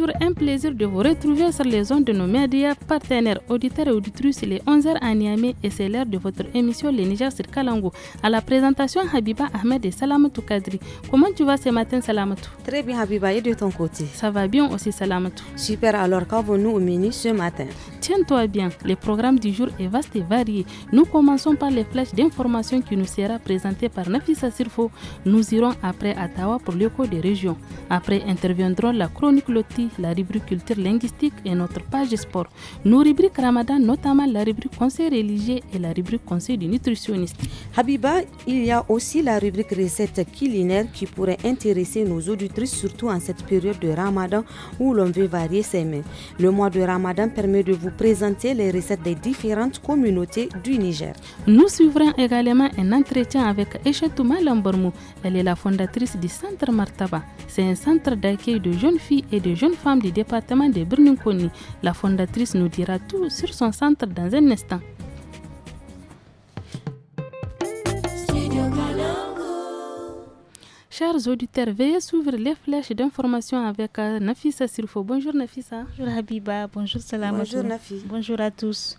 toujours un plaisir de vous retrouver sur les ondes de nos médias partenaires, auditeurs et auditrices. les 11h à Niamey et c'est l'heure de votre émission Les Niger sur Kalango. À la présentation, Habiba Ahmed et Salamatou Kadri. Comment tu vas ce matin, Salamatou Très bien, Habiba, et de ton côté Ça va bien aussi, Salamatou. Super, alors qu'avons-nous au menu ce matin Tiens-toi bien, le programme du jour est vaste et varié. Nous commençons par les flèches d'information qui nous sera présentée par Nafisa Sirfo. Nous irons après à Tawa pour cours des régions. Après interviendront la chronique Loti, la rubrique culture linguistique et notre page sport. Nos rubriques Ramadan, notamment la rubrique conseil religieux et la rubrique conseil du nutritionniste. Habiba, il y a aussi la rubrique recettes culinaires qui pourrait intéresser nos auditrices, surtout en cette période de Ramadan où l'on veut varier ses mains. Le mois de Ramadan permet de vous présenter les recettes des différentes communautés du Niger. Nous suivrons également un entretien avec Echetouma Lambormou. Elle est la fondatrice du Centre Martaba. C'est un centre d'accueil de jeunes filles et de jeunes femmes du département de Koni. La fondatrice nous dira tout sur son centre dans un instant. Chers auditeurs, veuillez s'ouvrir les flèches d'information avec euh, Nafisa Sirfo. Bonjour Nafisa. Bonjour Habiba. Bonjour Salam. Bonjour Nafi. Bonjour à tous.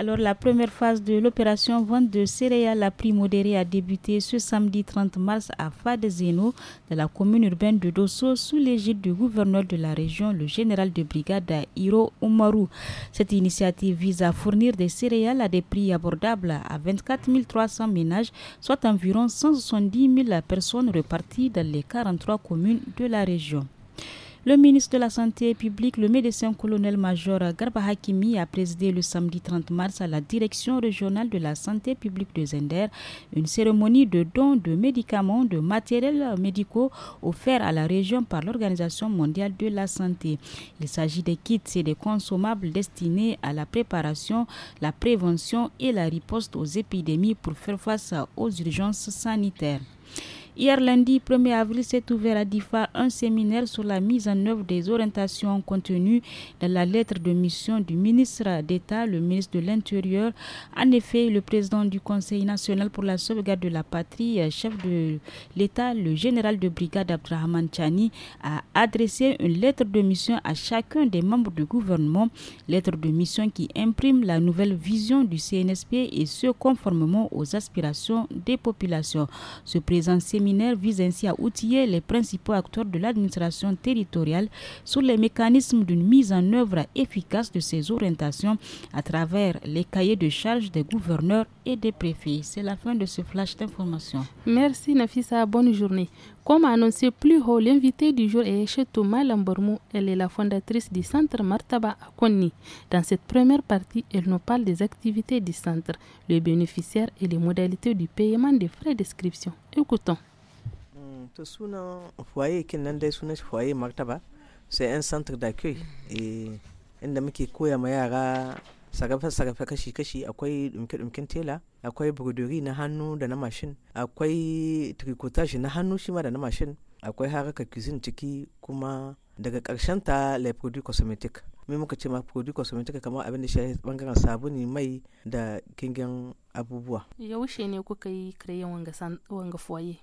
Alors la première phase de l'opération vente de céréales à prix modéré a débuté ce samedi 30 mars à Fadezeno, dans la commune urbaine de Dosso, sous l'égide du gouverneur de la région, le général de brigade Hiro Umaru. Cette initiative vise à fournir des céréales à des prix abordables à 24 300 ménages, soit environ 170 000 personnes reparties dans les 43 communes de la région. Le ministre de la Santé publique, le médecin colonel-major Garba Hakimi, a présidé le samedi 30 mars à la direction régionale de la santé publique de Zender une cérémonie de dons de médicaments, de matériels médicaux offerts à la région par l'Organisation mondiale de la santé. Il s'agit des kits et des consommables destinés à la préparation, la prévention et la riposte aux épidémies pour faire face aux urgences sanitaires. Hier lundi 1er avril s'est ouvert à DIFA un séminaire sur la mise en œuvre des orientations contenues dans la lettre de mission du ministre d'État, le ministre de l'Intérieur. En effet, le président du Conseil national pour la sauvegarde de la patrie, euh, chef de l'État, le général de brigade Abdrahman Chani, a adressé une lettre de mission à chacun des membres du gouvernement, lettre de mission qui imprime la nouvelle vision du CNSP et ce conformément aux aspirations des populations. Ce présent séminaire vise ainsi à outiller les principaux acteurs de l'administration territoriale sur les mécanismes d'une mise en œuvre efficace de ces orientations à travers les cahiers de charges des gouverneurs et des préfets. C'est la fin de ce flash d'information. Merci Nafisa, bonne journée. Comme annoncé plus haut, l'invité du jour est Thomas Lambormou. Elle est la fondatrice du centre Martaba à Konni. Dans cette première partie, elle nous parle des activités du centre, le bénéficiaire et les modalités du paiement des frais d'inscription. Écoutons. to sunan foye kin dai sunan foye martaba sai yan santar da eh inda muke koya ma yara sarrafa sarrafa kashi-kashi akwai dumke-dumken tela akwai brodori na hannu da na mashin akwai trikotashi na hannu shi ma da na mashin akwai haraka cuisine ciki kuma daga karshen ta le produit cosmétique mai muka ce ma produit cosmétique kamar abin da shi bangaren sabuni mai da kingin abubuwa yaushe ne kuka yi yawan wanga foye.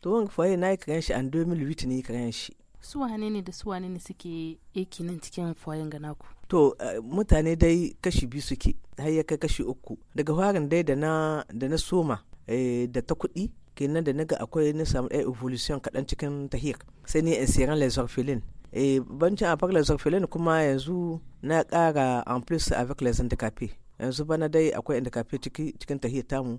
to wani foyer na yi karen shi an 2008 ne karen shi su wane ne da su wane ne suke aiki nan cikin foyen gana ku to eh, mutane dai kashi biyu suke har ya kai kashi uku daga farin dai da na da na soma eh, da ta kuɗi kenan da naga akwai na samu ɗaya evolution kaɗan cikin tahir sai ni insiran lesorfilin e, eh, bancin afar lesorfilin kuma yanzu na ƙara en plus avec les handicapés yanzu bana dai akwai handicapés cikin tahir tamu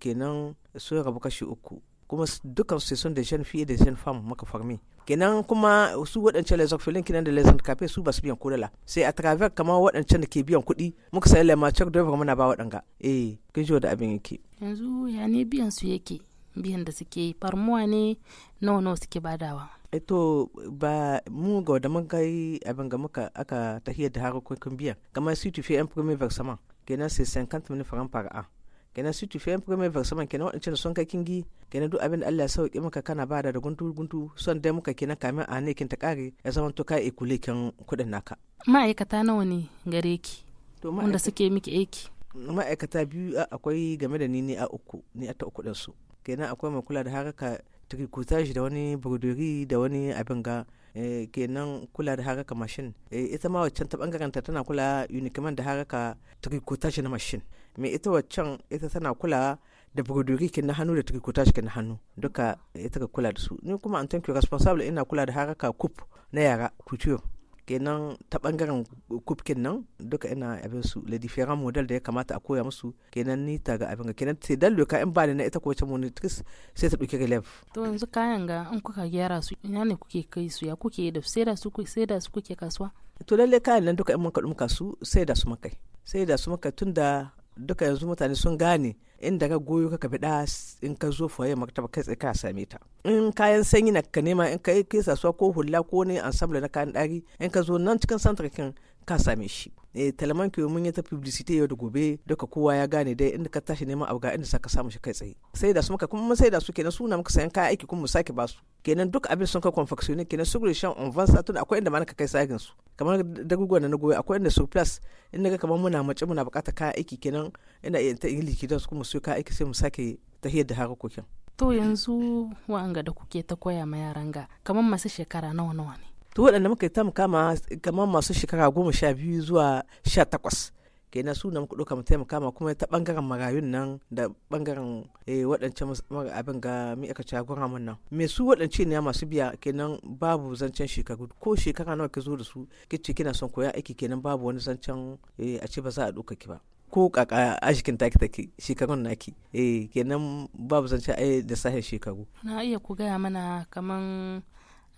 kenan su rabu kashi uku kuma dukan su sun da shan fiye da shan fam maka farmi kenan kuma su waɗancan lesofilin kinan da lesan kafe su ba su biyan kudala sai a travers kama waɗancan da ke biyan kuɗi muka sai check da muna ba waɗanga eh kin da abin yake yanzu ya ne biyan su yake biyan da suke farmuwa ne nawa nawa suke badawa eh, to ba mu ga da mun kai abin ga muka aka tahiyar da harkokin biyan kamar su tufi yan premier versement kenan sai 50000 francs par an kenan su tufe yan mai vaksa man kenan waɗancan son kakin gi kenan duk abin da Allah ya sauke maka kana ba da guntu guntu son dai muka kenan kamin a ne kin ta kare ya zama to kai kule kan kuɗin naka ma'aikata nawa ne gare ki wanda suke miki aiki ma'aikata biyu akwai game da ni ne a uku ni a ta uku din su kenan akwai mai kula da haraka tricotage da wani broderi da wani abin ga eh, kenan kula da haraka mashin eh, ita ma waccan ta bangaren ta tana kula unikiman da haraka tricotage na mashin mai ita waccan ita tana kulawa da bugudugi kin na hannu da take kuta shi na hannu duka ita ka kula da su ni kuma an tanki responsable ina kula da haraka kup na yara couture kenan ta bangaren kup kin nan duka ina abin su le different model da ya kamata a koya musu kenan ni ta ga abin kenan sai dallo ka in ba na ita ko wacce monitrix sai ta duke relief to yanzu kayan ga in kuka gyara su ina ne kuke kai su ya kuke da sai da su sai da su kuke kasuwa to lalle kayan nan duka in mun kaɗu muka su sai da su makai sai da su makai tunda duka yanzu mutane sun gane inda ka goyo ka bida in ka zo foye maktaba kai tsaye ka same ta in kayan sanyi na ka nema in ka yi kesa ko hula ko ne ensemble na kayan dari in ka zo nan cikin santrakin ka same shi e eh, talaman ke mun yi ta publicity yau da gobe duka kowa ya gane dai inda ka tashi neman abu ga inda saka samu shi kai tsaye sai da su muka kuma sai da su kenan suna muka sayan kaya aiki kuma mu sake su kenan duk abin sun ka confectione kenan su shan on van satun akwai inda ma ka kai sagin su kamar dagugon na goyi akwai inda surplus inda ga kamar muna mace muna bukata kaya aiki kenan ina iya ta iliki don su kuma su kaya aiki sai mu sake tahiyar da harkokin to yanzu wa'anga da kuke ta koya ma yaran ga kamar masu shekara nawa nawa ne to waɗanda muka ta kama kamar masu shekara goma sha biyu zuwa sha takwas kenan su na muka ɗauka mu taimaka ma kuma ta ɓangaren marayun nan da ɓangaren eh, waɗancan mara abin ga mi aka ci mun nan me su waɗance ne masu biya kenan babu zancen shekaru ko shekara nawa ki zo da su kici kina son koya aiki kenan babu wani zancen eh, a ce ba za a ɗauka ki ba ko kaka ashikin taki take shekarun naki eh kenan babu zance da eh, sahin shekaru na iya ku gaya mana kaman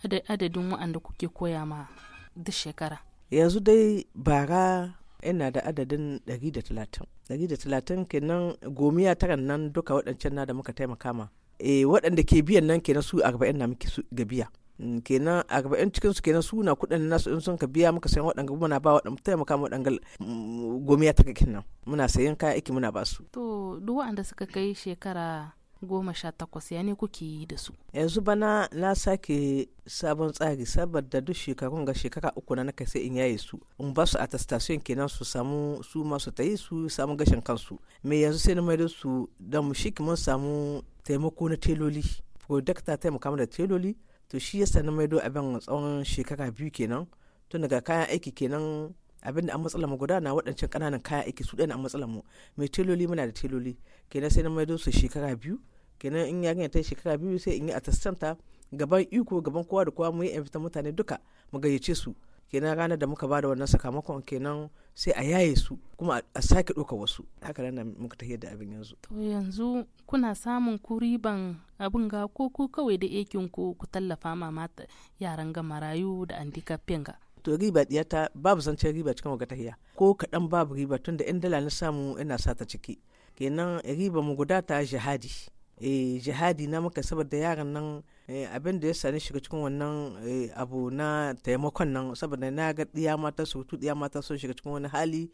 adadin waɗanda kuke koya ma duk shekara yanzu dai bara ina da adadin 130 130 kenan gomiya tara nan duka waɗancan na da muka taimaka ma e waɗanda ke biyan nan kenan su 40 na muke su ga biya mm, kenan a cikin su kenan suna kuɗin nasu in sun ka biya muka sayan waɗanga muna ba waɗanda taimaka ma waɗanga mm, gomiya ta kakin nan muna sayan kaya aiki muna ba su to duk waɗanda suka kai shekara goma sha takwas ya ne kuke yi da su yanzu bana na sake sabon tsari saboda duk shekarun ga shekara uku na naka sai in yaye su in ba su attestation kenan su samu su masu tayi su samu gashin kansu me yanzu sai na maido su da mu shi mun samu taimako na teloli producta taimaka da teloli to shi yasa na maido abin tsawon shekara biyu kenan tun daga kayan aiki kenan abin da an matsalar mu guda na waɗancan ƙananan kaya aiki su ɗaya na matsalar mu mai teloli muna da teloli kenan sai na maido su shekara biyu kenan in ya ta shekara biyu sai in yi attestanta gaban iko gaban kowa da kowa mu yi invita mutane duka mu gayyace su kenan ranar da muka ba da wannan sakamakon kenan sai a yaye su kuma a sake ɗauka wasu haka nan muka tafi da abin yanzu. to yanzu kuna samun ku riban abin ga ko ku kawai da ekin ku ku tallafa ma yaran ga marayu da andika ga. to riba ta babu zancen riba cikin wata hiya ko kaɗan babu riba tun da in dala na samu ina sa ta ciki kenan riba mu guda ta jihadi e, jihadi na muka saboda yaran nan eh, abin da ya sani shiga cikin wannan eh, abu na taimakon nan saboda na ga ɗiya mata su tu ɗiya mata sun shiga cikin wani hali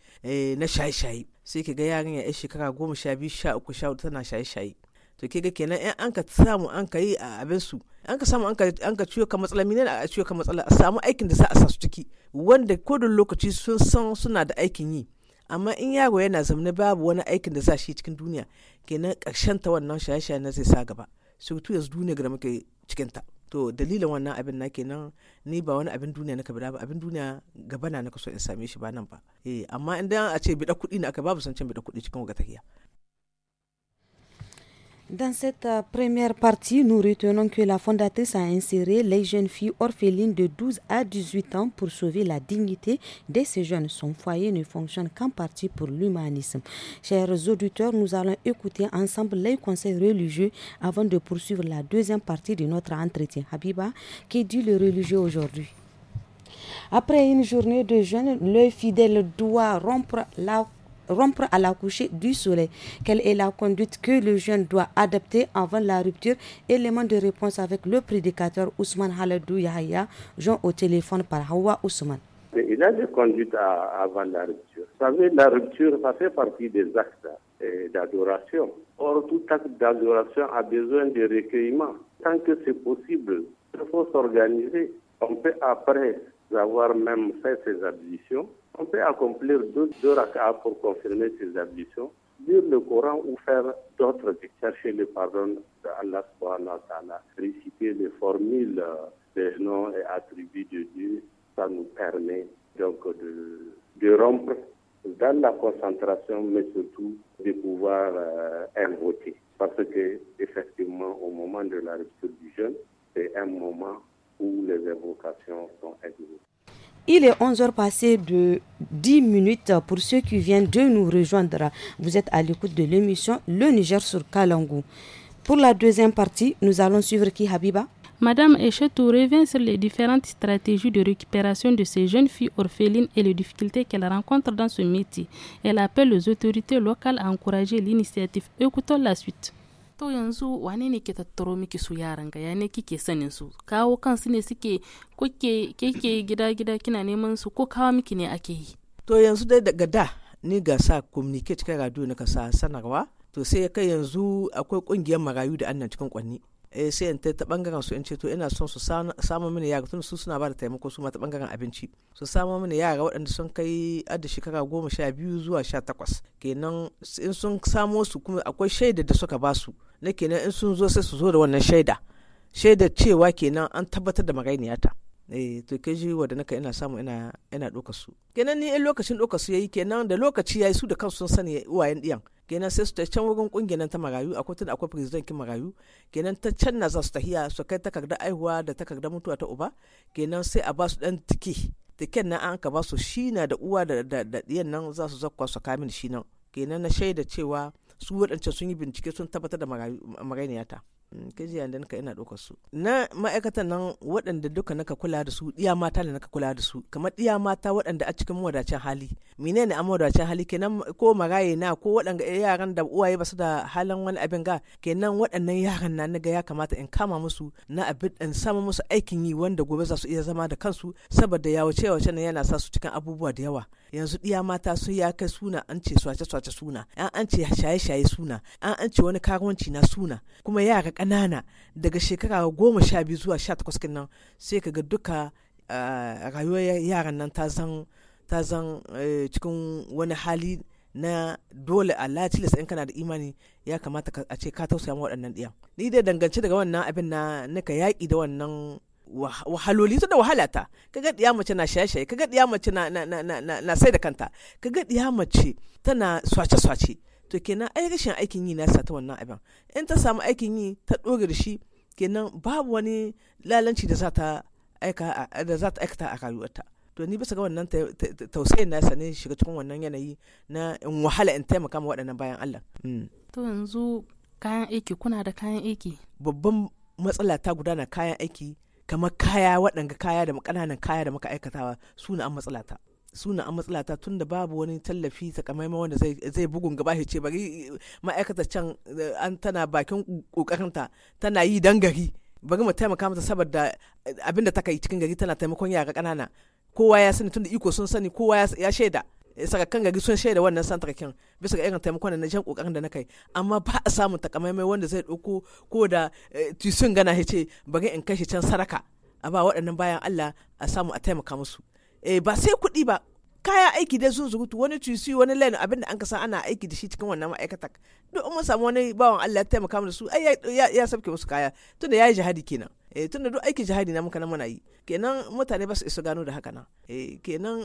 na shaye-shaye sai ki ga yaran ya shekara goma sha biyu sha uku sha tana shaye-shaye to ke ga kenan in an ka samu an ka yi a abin su an ka samu an ka ciwo ka matsala mine a ciwo ka matsala a samu aikin da za a sa su ciki wanda da lokaci sun san suna da aikin yi amma in yaro yana zamne babu wani aikin da za shi cikin duniya kenan karshen ta wannan shaye-shaye na zai sa gaba surtout yanzu duniya da muke cikin ta to dalilin wannan abin na kenan ni ba wani abin duniya naka bida ba abin duniya gaba na na so in same shi ba nan ba eh amma idan a ce bida kuɗi na aka babu san can bida kuɗi cikin wata tahiya Dans cette euh, première partie, nous retenons que la fondatrice a inséré les jeunes filles orphelines de 12 à 18 ans pour sauver la dignité de ces jeunes. Son foyer ne fonctionne qu'en partie pour l'humanisme. Chers auditeurs, nous allons écouter ensemble les conseils religieux avant de poursuivre la deuxième partie de notre entretien. Habiba, qui dit le religieux aujourd'hui Après une journée de jeûne, le fidèle doit rompre la rompre à la du soleil. Quelle est la conduite que le jeune doit adapter avant la rupture Élément de réponse avec le prédicateur Ousmane Haladou Yahya, Jean au téléphone par Hawa Ousmane. Il a des conduites avant la rupture. Vous savez, la rupture, ça fait partie des actes euh, d'adoration. Or, tout acte d'adoration a besoin de recueillement. Tant que c'est possible, il faut s'organiser. On peut, après avoir même fait ses ablutions, on peut accomplir deux, deux pour confirmer ses ablutions, lire le Coran ou faire d'autres chercher le pardon d'Allah réciter les formules, les euh, noms et attributs de Dieu, ça nous permet donc de, rompre dans la concentration, mais surtout de pouvoir euh, invoquer. Parce que, effectivement, au moment de la rupture du jeûne, c'est un moment où les invocations sont invoquées. Il est 11h passé de 10 minutes pour ceux qui viennent de nous rejoindre. Vous êtes à l'écoute de l'émission Le Niger sur Kalangou. Pour la deuxième partie, nous allons suivre qui Habiba Madame Echetou revient sur les différentes stratégies de récupération de ces jeunes filles orphelines et les difficultés qu'elles rencontrent dans ce métier. Elle appelle les autorités locales à encourager l'initiative. Écoutons la suite. to yanzu wane ne ke tattaro miki su yaran ga ya ne kike sanin su kawo kansu ne suke keke gida gida kina neman su ko kawo miki ne ake yi to yanzu dai daga da ni ga sa communicate kai radio na ka sa sanarwa to sai ya kai yanzu akwai kungiyar marayu da annan cikin kwanni Eh, sai in ta bangaren su in ce to ina son su samu mini yara tun su suna ba da taimako su ma ta bangaren abinci su samu mini yara waɗanda sun kai adda shekara goma sha biyu zuwa sha takwas kenan in sun samo su kuma akwai shaida da suka ba su na kenan in sun zo sai su zo da wannan shaida shaida cewa kenan an tabbatar da magainiyata eh to kai ji naka ina samu ina ina doka su kenan ni in lokacin doka su yayi kenan da lokaci yayi su da kansu sun sani uwayen diyan kenan sai su ta can wurin kungiyar ta marayu akwai tun akwai president kin marayu kenan ta can na za su tahiya su kai takardar aihuwa da takardar mutuwa ta uba kenan sai a ba su dan tiki tiken nan an ka ba su shi na da uwa da da nan za su zakwa su kamin shi nan kenan na shaida cewa su waɗancan sun yi bincike sun tabbatar da marayu marainiyata kaji yan ka ina ɗaukar su na ma'aikatan nan waɗanda duka naka kula da su ɗiya mata da naka kula da su kamar iya mata waɗanda a cikin mawadacin hali mine ne an mawadacin hali kenan ko maraye na ko waɗanda yaran da uwaye ba su da halin wani abin ga kenan waɗannan yaran na naga ya kamata in kama musu na abin in sama musu aikin yi wanda gobe za su iya zama da kansu saboda yawace yawace yana sa su cikin abubuwa da yawa yanzu ɗiya mata sun ya kai suna an ce swace swace suna an an ce shaye shaye suna an an ce wani karuwanci na suna kuma yara ƙanana daga shekara goma sha biyu zuwa sha takwas nan sai ka ga duka rayuwar yaran nan ta zan ta zan eh, cikin wani hali na dole Allah tilas in kana da imani ya kamata a ce ka tausaya ma waɗannan ɗiyan ni da dangance daga wannan abin na nika yaƙi da wannan wahaloli ta da wahala ta ga diya mace na shaye-shaye ga diya mace na na na na na sai da kanta ga diya mace tana swace-swace to kenan ai rashin aikin yi na ta wannan abin in ta samu aikin yi ta dore da shi kenan babu wani lalanci da za ta aika da za ta aikata a rayuwarta to ni bisa ga wannan tausayin na ne shiga cikin wannan yanayi na in wahala in taimaka ma waɗannan bayan Allah mm. to yanzu kayan aiki kuna da kayan aiki babban matsala ta gudana kayan aiki kamar kaya waɗanga kaya da ƙananan kaya da muka aikatawa su na an matsalata na an matsalata tun da babu wani tallafi takamaiman wanda zai bugun gaba ce bari ma'aikata can eh, an tana bakin ƙoƙarinta tana yi dan gari bari mu taimaka mata saboda eh, abinda ta kai cikin gari tana taimakon yara ƙanana kowa ya sani tunda iko sun sani kowa ya shaida kan gari sun shaida wannan santarkin bisa ga irin taimakon da na jan kokarin da na kai amma ba a samun takamaimai wanda zai dauko ko da eh, tisun gana ya ce bari in kashe can saraka a ba waɗannan bayan Allah a samu a taimaka musu eh ba sai kuɗi ba kaya aiki dai sun zugutu wani cusi wani lain abin da an kasa ana aiki da shi cikin wannan ma'aikata duk mun samu wani bawan Allah ya taimaka mu da su ai ya sabke musu kaya tunda yayi jihadi kenan eh tunda duk aiki jihadi na muka nan muna yi kenan mutane ba su isa gano da haka nan eh kenan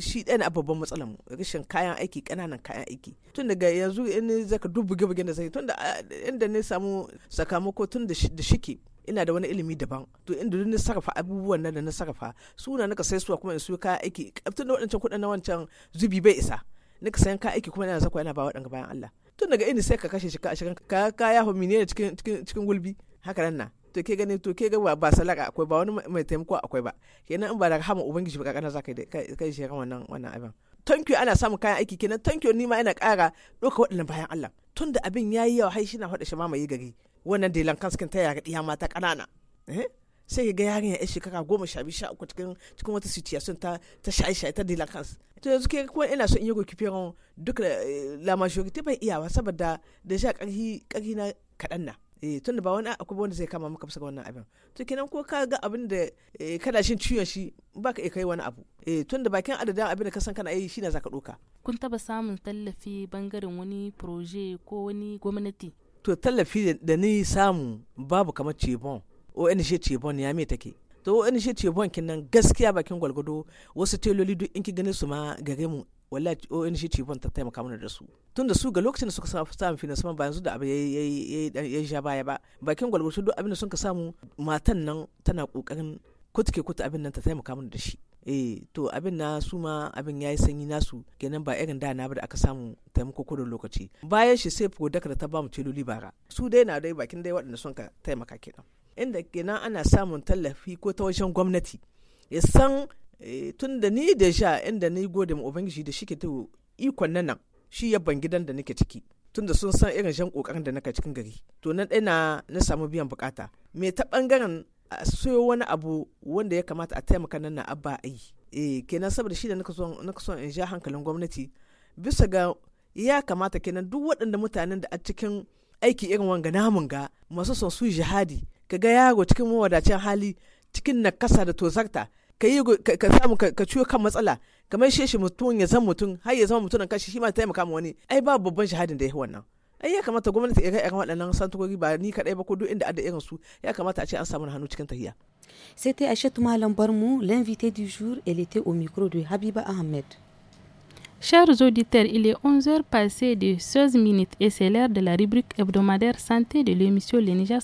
shi ɗaya na babban matsalar mu rashin kayan aiki kananan kayan aiki tun daga yanzu in zaka duk buge da zai tunda ah, inda ne samu sakamako tun da shike ina da wani ilimi daban to inda duk na sarrafa abubuwan nan da na sarrafa suna na ka sai suwa kuma in su kaya aiki tun da waɗancan kuɗin na wancan zubi bai isa na ka sayan kaya aiki kuma ina zakwa ina ba waɗanga bayan Allah tun daga ini sai ka kashe shi ka ashirin ka kaya homine ne cikin cikin cikin gulbi haka nan na to ke gani to ke ga ba salaka akwai ba wani mai taimako akwai ba kenan in ba daga hama ubangiji ba kakana ka kai shi wannan wannan abin thank you ana samun kayan aiki kenan thank you ni ma ina ƙara ɗauka waɗannan bayan Allah tun da abin yayi yawa hai shi na faɗa shi mamaye gari wannan delan kaskin ta yaga ɗiya mata ƙanana eh? sai ga yarinya yan shekara goma sha biyu sha uku cikin cikin wata situation ta ta shaye shaye ta delan kans to yanzu ke kuma ina son in yi gokifiran duk eh, la ta bai iyawa saboda da sha ƙarhi ƙarfi na kaɗan na eh tunda ba wani akwai wanda zai kama maka bisa wannan abin to kenan ko ka ga abin da eh, kana shin ciwon shi ba ka kai wani abu eh tunda bakin adadin abin da ka san kana yi shine zaka doka kun taba samun tallafi bangaren wani proje ko wani gwamnati to tallafi da ni samu babu kamar cebon ONG cebon ya me take to ONG cebon nan gaskiya bakin gwalgwado wasu teloli duk in ki gani su ma gare mu wallahi ONG cebon ta taimaka mana da su tunda su ga lokacin da suka samu finance bayan su da abu ya sha baya ba bakin gwalgwado duk abin da sun ka samu matan nan tana kokarin kutke kutu abin nan ta taimaka mana da shi eh to abin na su ma abin yi sanyi nasu kenan ba irin da na ba da aka samu taimako ko lokaci bayan shi sai fodaka da ta bamu celoli bara su dai na dai bakin dai waɗanda sun ka taimaka kenan inda kenan ana samun tallafi ko ta wajen gwamnati ya san eh, tun da ni da sha inda ni gode ma ubangiji da shike ta ikon nan shi ya ban gidan da nake ciki tunda sun san irin shan kokarin da naka cikin gari to na ɗaya na samu biyan bukata me ta bangaren a soyo wani abu wanda ya kamata a taimaka nan na abba a yi eh kenan saboda shi da naka son in ja hankalin gwamnati bisa ga ya kamata kenan duk waɗanda mutanen da a cikin aiki irin wanga namun ga masu son su jihadi ka ga yaro cikin mawadacin hali cikin nakasa da tozarta ka yi ka samu ka ciwo kan matsala kamar sheshi mutum ya zama mutum har ya zama mutum kan shi ma taimaka ma wani ai ba babban shahadin da ya wannan ai ya kamata gwamnati ya kai waɗannan santokoki ba ni kaɗai ba ko duk inda ada irin su ya kamata a ce an samu hannu cikin tahiya C'était Achette Malam Barmou, l'invité du jour. Elle était au micro de Habiba Ahmed. Chers auditeurs, il est 11h passé de 16 minutes et c'est l'heure de la rubrique hebdomadaire santé de l'émission Le Niger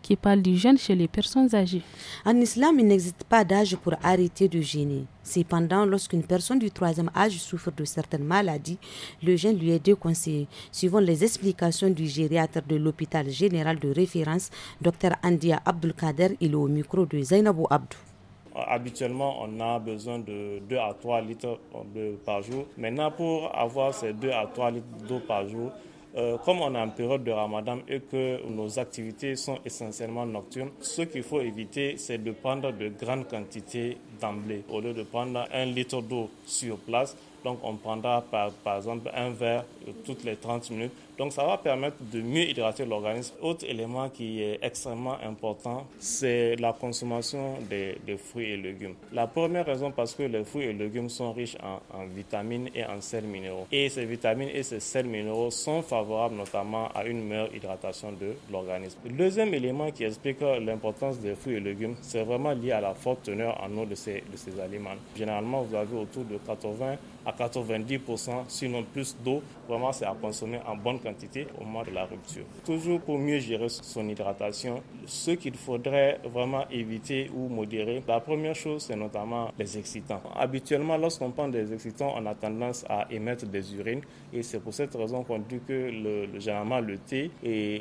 qui parle du jeûne chez les personnes âgées. En islam, il n'existe pas d'âge pour arrêter de gêner. Cependant, lorsqu'une personne du troisième âge souffre de certaines maladies, le jeûne lui est déconseillé, suivant les explications du gériatre de l'hôpital général de référence, Dr Andia Abdelkader. Il est au micro de Zainabou Abdou. Habituellement, on a besoin de 2 à 3 litres d'eau par jour. Maintenant, pour avoir ces 2 à 3 litres d'eau par jour, euh, comme on est en période de ramadan et que nos activités sont essentiellement nocturnes, ce qu'il faut éviter, c'est de prendre de grandes quantités d'emblée. Au lieu de prendre un litre d'eau sur place, donc on prendra par, par exemple un verre toutes les 30 minutes donc ça va permettre de mieux hydrater l'organisme. Autre élément qui est extrêmement important, c'est la consommation des, fruits et légumes. La première raison, parce que les fruits et légumes sont riches en, vitamines et en sels minéraux. Et ces vitamines et ces sels minéraux sont favorables notamment à une meilleure hydratation de l'organisme. Le deuxième élément qui explique l'importance des fruits et légumes, c'est vraiment lié à la forte teneur en eau de ces, de ces aliments. Généralement, vous avez autour de 80 à 90%, sinon plus d'eau Vraiment, c'est à consommer en bonne quantité au moment de la rupture. Toujours pour mieux gérer son hydratation, ce qu'il faudrait vraiment éviter ou modérer, la première chose, c'est notamment les excitants. Habituellement, lorsqu'on prend des excitants, on a tendance à émettre des urines et c'est pour cette raison qu'on dit que le, généralement le thé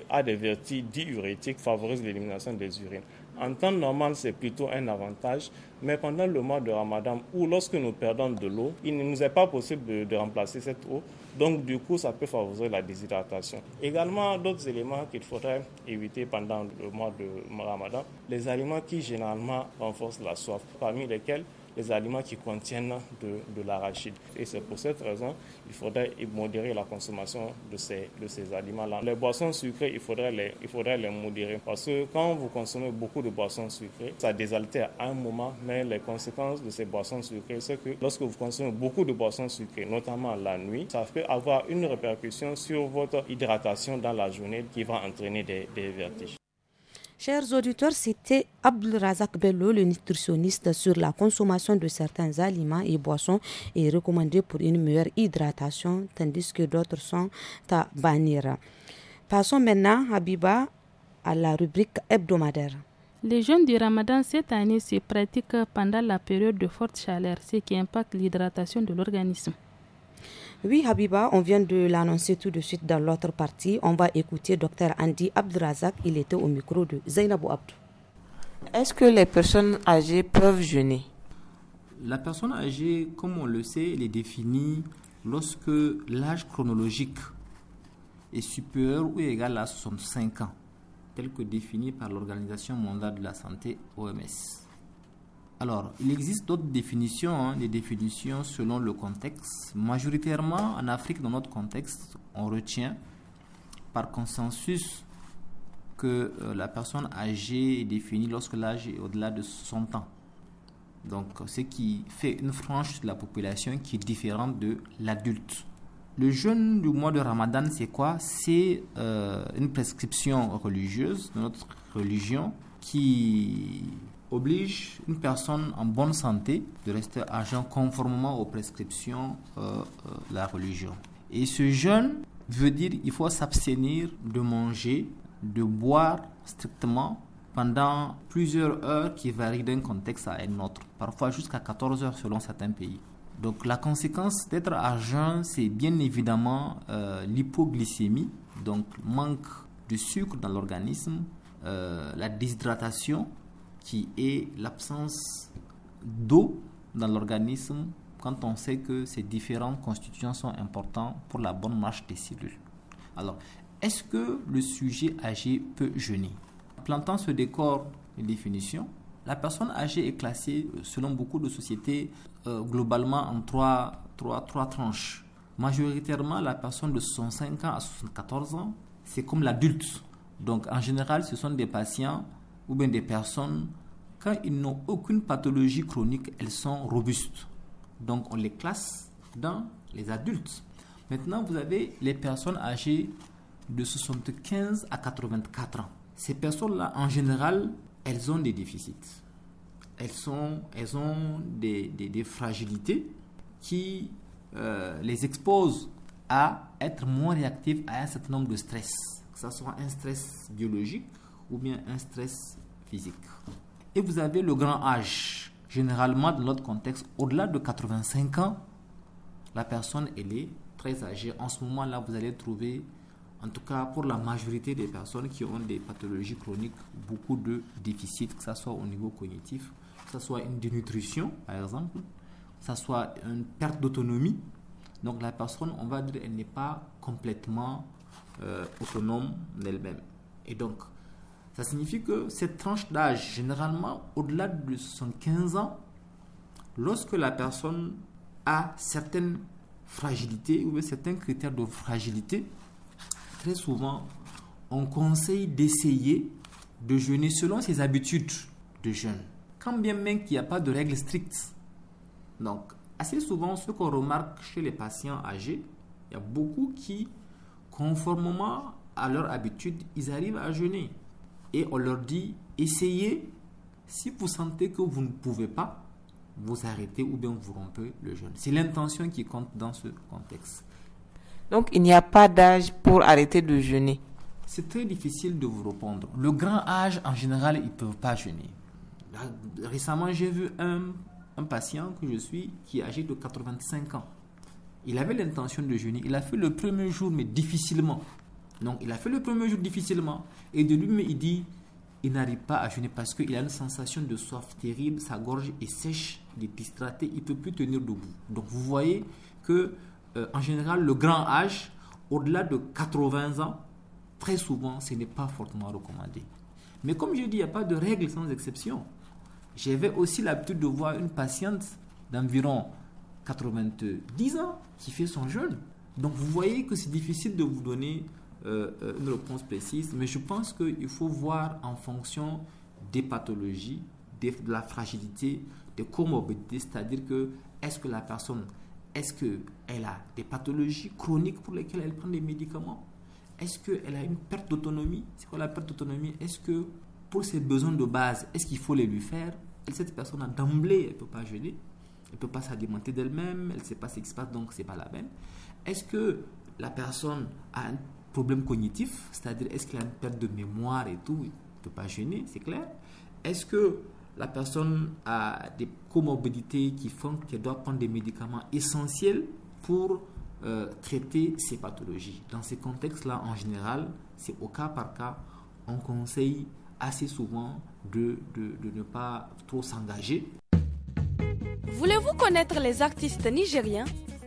a des vertus diurétiques, favorise l'élimination des urines. En temps normal, c'est plutôt un avantage, mais pendant le mois de Ramadan ou lorsque nous perdons de l'eau, il ne nous est pas possible de remplacer cette eau donc du coup, ça peut favoriser la déshydratation. Également, d'autres éléments qu'il faudrait éviter pendant le mois de Ramadan, les aliments qui généralement renforcent la soif, parmi lesquels les aliments qui contiennent de, de l'arachide. Et c'est pour cette raison il faudrait modérer la consommation de ces, de ces aliments-là. Les boissons sucrées, il faudrait les, il faudrait les modérer parce que quand vous consommez beaucoup de boissons sucrées, ça désaltère à un moment, mais les conséquences de ces boissons sucrées, c'est que lorsque vous consommez beaucoup de boissons sucrées, notamment la nuit, ça peut avoir une répercussion sur votre hydratation dans la journée qui va entraîner des vertiges. Chers auditeurs, c'était Abdelrazak Bello, le nutritionniste, sur la consommation de certains aliments et boissons et recommandé pour une meilleure hydratation, tandis que d'autres sont à bannir. Passons maintenant, Habiba, à la rubrique hebdomadaire. Les jeunes du ramadan cette année se pratiquent pendant la période de forte chaleur, ce qui impacte l'hydratation de l'organisme. Oui, Habiba, on vient de l'annoncer tout de suite dans l'autre partie. On va écouter docteur Andy Abdrazak. Il était au micro de Zainabou Abdou. Est-ce que les personnes âgées peuvent jeûner La personne âgée, comme on le sait, elle est définie lorsque l'âge chronologique est supérieur ou égal à 65 ans, tel que défini par l'Organisation mondiale de la santé OMS. Alors, il existe d'autres définitions, hein, des définitions selon le contexte. Majoritairement, en Afrique, dans notre contexte, on retient par consensus que euh, la personne âgée est définie lorsque l'âge est au-delà de 60 ans. Donc, ce qui fait une frange de la population qui est différente de l'adulte. Le jeûne du mois de Ramadan, c'est quoi C'est euh, une prescription religieuse de notre religion qui oblige une personne en bonne santé de rester à jeûne conformément aux prescriptions de euh, euh, la religion. Et ce jeûne veut dire qu'il faut s'abstenir de manger, de boire strictement pendant plusieurs heures qui varient d'un contexte à un autre, parfois jusqu'à 14 heures selon certains pays. Donc la conséquence d'être à jeûne, c'est bien évidemment euh, l'hypoglycémie, donc manque de sucre dans l'organisme, la déshydratation qui est l'absence d'eau dans l'organisme quand on sait que ces différentes constituants sont importants pour la bonne marche des cellules. Alors, est-ce que le sujet âgé peut jeûner Plantant ce décor et définition, la personne âgée est classée, euh, selon beaucoup de sociétés, euh, globalement en trois, trois, trois tranches. Majoritairement, la personne de 65 ans à 74 ans, c'est comme l'adulte. Donc, en général, ce sont des patients ou bien des personnes, quand ils n'ont aucune pathologie chronique, elles sont robustes. Donc on les classe dans les adultes. Maintenant, vous avez les personnes âgées de 75 à 84 ans. Ces personnes-là, en général, elles ont des déficits. Elles, sont, elles ont des, des, fragilités qui euh, les exposent à être moins réactives à un certain nombre de stress, que ce soit un stress biologique ou bien un stress physique. Et vous avez le grand âge. Généralement, dans notre contexte, au-delà de 85 ans, la personne, elle est très âgée. En ce moment-là, vous allez trouver, en tout cas pour la majorité des personnes qui ont des pathologies chroniques, beaucoup de déficits, que ce soit au niveau cognitif, que ce soit une dénutrition, par exemple, que ce soit une perte d'autonomie. Donc la personne, on va dire, elle n'est pas complètement euh, autonome d'elle-même. Et donc, ça signifie que cette tranche d'âge, généralement au-delà de 75 ans, lorsque la personne a certaines fragilités ou certains critères de fragilité, très souvent, on conseille d'essayer de jeûner selon ses habitudes de jeûne, quand bien même qu'il n'y a pas de règles strictes. Donc, assez souvent, ce qu'on remarque chez les patients âgés, il y a beaucoup qui, conformément à leur habitude, ils arrivent à jeûner et on leur dit essayez. Si vous sentez que vous ne pouvez pas, vous arrêtez ou bien vous rompez le jeûne. C'est l'intention qui compte dans ce contexte. Donc il n'y a pas d'âge pour arrêter de jeûner. C'est très difficile de vous répondre. Le grand âge, en général, ils ne peuvent pas jeûner. Récemment, j'ai vu un, un patient que je suis qui est âgé de 85 ans. Il avait l'intention de jeûner. Il a fait le premier jour, mais difficilement. Donc il a fait le premier jour difficilement. Et de lui il dit, il n'arrive pas à jeûner parce qu'il a une sensation de soif terrible, sa gorge est sèche, il est il ne peut plus tenir debout. Donc vous voyez que euh, en général, le grand âge, au-delà de 80 ans, très souvent, ce n'est pas fortement recommandé. Mais comme je dis, il n'y a pas de règle sans exception. J'avais aussi l'habitude de voir une patiente d'environ 90 ans qui fait son jeûne. Donc vous voyez que c'est difficile de vous donner euh, euh, une réponse précise, mais je pense qu'il faut voir en fonction des pathologies, de la fragilité, des comorbidités, c'est-à-dire que est-ce que la personne, est-ce qu'elle a des pathologies chroniques pour lesquelles elle prend des médicaments Est-ce qu'elle a une perte d'autonomie C'est quoi la perte d'autonomie Est-ce que pour ses besoins de base, est-ce qu'il faut les lui faire Cette personne a d'emblée, elle ne peut pas geler, elle ne peut pas s'alimenter d'elle-même, elle ne sait pas ce qui se passe, donc c'est pas la même. Est-ce que la personne a un problème cognitif, c'est-à-dire est-ce qu'il a une perte de mémoire et tout, il ne peut pas gêner, c'est clair. Est-ce que la personne a des comorbidités qui font qu'elle doit prendre des médicaments essentiels pour euh, traiter ces pathologies Dans ces contextes-là, en général, c'est au cas par cas, on conseille assez souvent de, de, de ne pas trop s'engager. Voulez-vous connaître les artistes nigériens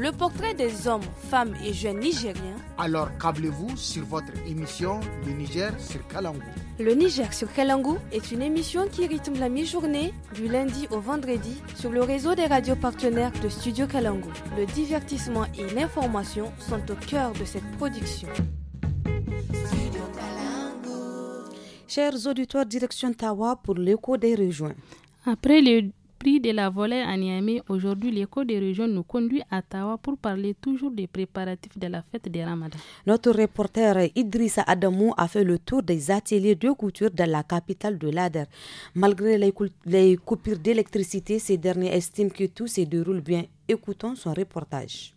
le portrait des hommes, femmes et jeunes nigériens. Alors câblez-vous sur votre émission Le Niger sur Kalangou. Le Niger sur Kalangou est une émission qui rythme la mi-journée du lundi au vendredi sur le réseau des radios partenaires de Studio Kalangou. Le divertissement et l'information sont au cœur de cette production. Chers auditoires, direction Tawa pour l'écho des rejoints. Après le prix de la volée à Niamey, aujourd'hui l'écho des régions nous conduit à Tawa pour parler toujours des préparatifs de la fête des Ramadan. Notre reporter Idrissa Adamou a fait le tour des ateliers de couture dans la capitale de l'Ader. Malgré les, coupures d'électricité, ces derniers estiment que tout se déroule bien. Écoutons son reportage.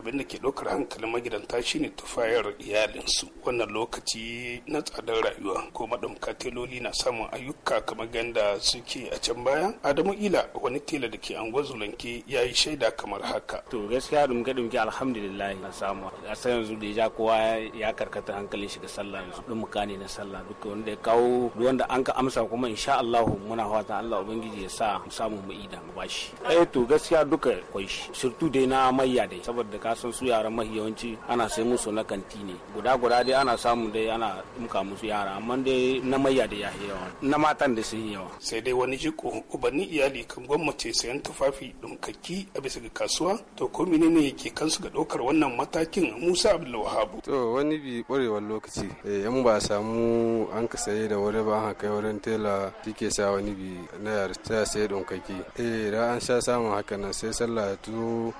abin da ke ɗaukar hankalin magidanta shine tufayar iyalinsu wannan lokaci na tsadar rayuwa ko maɗauka teloli na samun ayyuka kamar ganda suke a can baya adamu ila wani tela da ke anguwar zulanke ya yi shaida kamar haka to gaskiya dumke dumke alhamdulillah na samu a san yanzu da ja kowa ya karkata hankalin shi ga sallah yanzu dumuka ne na sallah duka wanda ya kawo wanda an ka amsa kuma insha Allah muna fatan Allah ubangiji ya sa mu samu mu mu bashi eh to gaskiya duka kwai shi surtu dai na mayya dai saboda ka san su yaran mahi yawanci ana sai musu na kanti ne guda guda dai ana samu dai ana muka musu yara amma dai na mayya da yahi yawa na matan da sun yawa sai dai wani jiko ubanni iyali kan gwamnati sayan tufafi dumkakki a bisa ga kasuwa to ko menene yake kansu ga ɗaukar wannan matakin Musa Abdulwahab to wani bi ƙwarewar lokaci eh in ba samu an ka saye da wani ba haka kai wurin tela sa wani bi na yar ta sai dumkakki eh da an sha samun haka nan sai sallah ta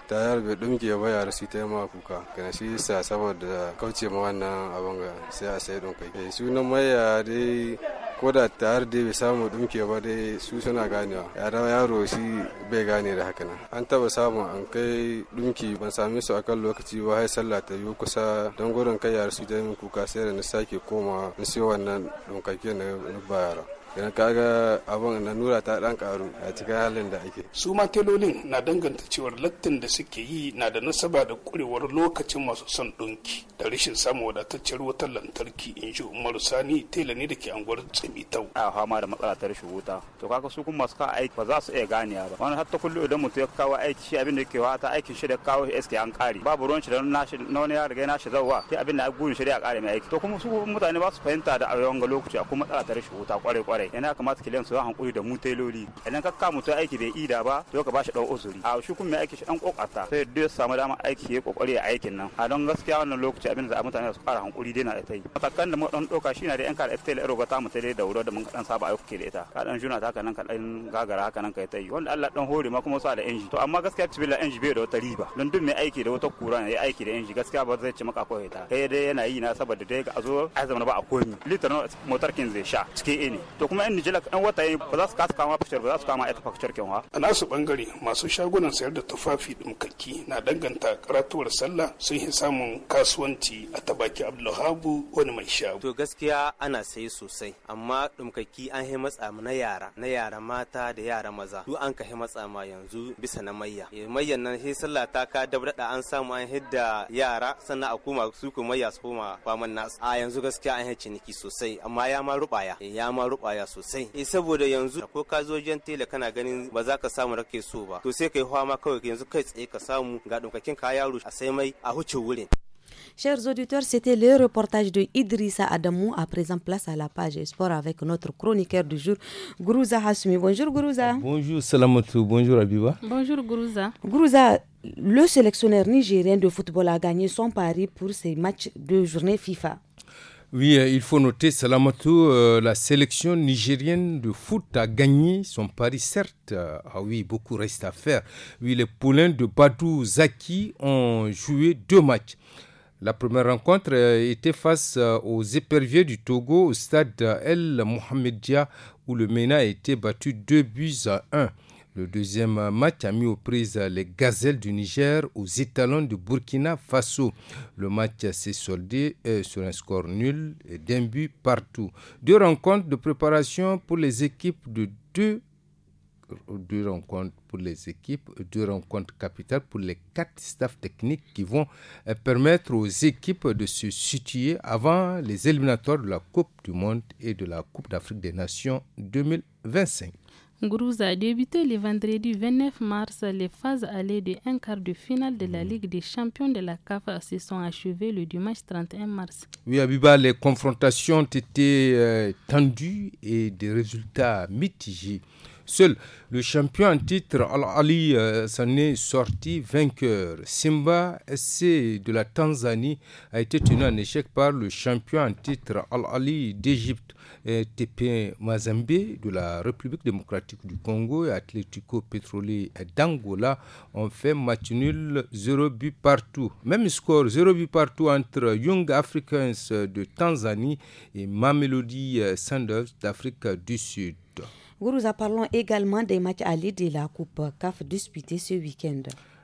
ta yar bai dumke ba yar su ta yamma kuka gana shi sa saboda kauce ma wannan abin ga sai a sai don kai eh, sunan maya dai ko da tare dai bai samu ɗinke ba dai su suna ganewa yara yaro shi bai gane da haka nan an taba samu an kai dumki ban same su akan lokaci ba har sallah ta yi kusa don gurin kai yara su ta kuka sai da na sake koma in sai wannan dunkakken na ba yara Yana kaga abin na nura ta dan karu a cikin halin da ake. Su ma telolin na danganta cewar lattin da suke yi na da nasaba da kurewar lokacin masu son donki da rashin samun wadataccen wutar lantarki in ji Umaru Sani tela ne da ke anguwar Tsimitau. A fama da matsala ta rashin wuta. To kaga su kuma masu kawo aiki ba za su iya ganiya ba. Wani hatta kullum idan mutum ya kawo aiki shi abin da ke wata aikin shi da kawo shi iske an kare. Babu ruwan shi da na wani ya riga na shi zauwa. Sai abin da gurin shi da ya kare mai aiki. To kuma su mutane ba su fahimta da a yawan lokaci a kuma matsala ta rashin wuta kwarai kwarai. kwarai yana kamata kilan su hankuri da mu tailori idan ka kama mutum aiki bai ida ba to ka bashi dan uzuri a shi kuma aiki shi dan kokarta sai duk ya samu dama aiki ya kokari a aikin nan a don gaskiya wannan lokaci abin da mutane su fara hankuri dai na da tai matakan da mu dan doka shi na da yan kar FTL ga ta mu ta da wuro da mun dan saba aiki da ita ka dan juna ta haka ka dan gagara haka nan kai tai wanda Allah dan hore ma kuma sa da inji to amma gaskiya tibila inji bai da wata riba don duk mai aiki da wata kura ne aiki da inji gaskiya ba zai ci maka ko ta kai dai yana yi na saboda dai ga azo azama ba a komi litar motar kin zai sha cike ne to kuma yan Nijar yan wata yi ba za su kasa kama fakcir ba za su kama ita fakcir kyanwa. A nasu bangare masu shagunan sayar da tufafi ɗumkaki na danganta karatuwar sallah sun yi samun kasuwanci a tabaki Abdulhabu wani mai shago. To gaskiya ana sayi sosai amma ɗumkaki an yi matsa na yara na yara mata da yara maza duk an ka yi matsa ma yanzu bisa na mayya. Eh, mayyan nan sai sallah ta ka dabdada an samu an hidda yara sannan a koma su kuma mayya su koma faman nasu. A yanzu gaskiya an yi ciniki sosai amma ya ma rubaya eh, ya ma rubaya Eh, Chers auditeurs, c'était le reportage de Idrissa Adamou. À présent, place à la page sport avec notre chroniqueur du jour, Guruza Hassoumi. Bonjour Guruza. Bonjour Salamatou, bonjour Abiba. Bonjour Guruza. Guruza, le sélectionneur nigérien de football a gagné son pari pour ses matchs de journée FIFA. Oui, euh, il faut noter, Salamatou, euh, la sélection nigérienne de foot a gagné son pari, certes. Euh, ah oui, beaucoup reste à faire. Oui, les poulains de Badou Zaki ont joué deux matchs. La première rencontre était face aux éperviers du Togo au stade El Mohamedia où le MENA a été battu 2 buts à 1. Le deuxième match a mis aux prises les gazelles du Niger aux étalons du Burkina Faso. Le match s'est soldé euh, sur un score nul et d'un but partout. Deux rencontres de préparation pour les équipes de deux deux rencontres pour les équipes, deux rencontres capitales pour les quatre staffs techniques qui vont euh, permettre aux équipes de se situer avant les éliminatoires de la Coupe du Monde et de la Coupe d'Afrique des Nations 2025. Gourouza a débuté le vendredi 29 mars. Les phases allées de un quart de finale de la mhm. Ligue des champions de la CAF se sont achevées le dimanche 31 mars. Oui, Abiba, les confrontations ont été euh, tendues et des résultats mitigés. Seul le champion en titre, Al-Ali, euh, s'en est sorti vainqueur. Simba SC de la Tanzanie a été tenu en échec par le champion en titre, Al-Ali d'Égypte. TP Mazembe de la République démocratique du Congo et Atlético Pétrolier d'Angola ont fait match nul 0 but partout. Même score 0 but partout entre Young Africans de Tanzanie et Mamelody Sanders d'Afrique du Sud nous parlons également des matchs allés de la Coupe CAF disputée ce week-end.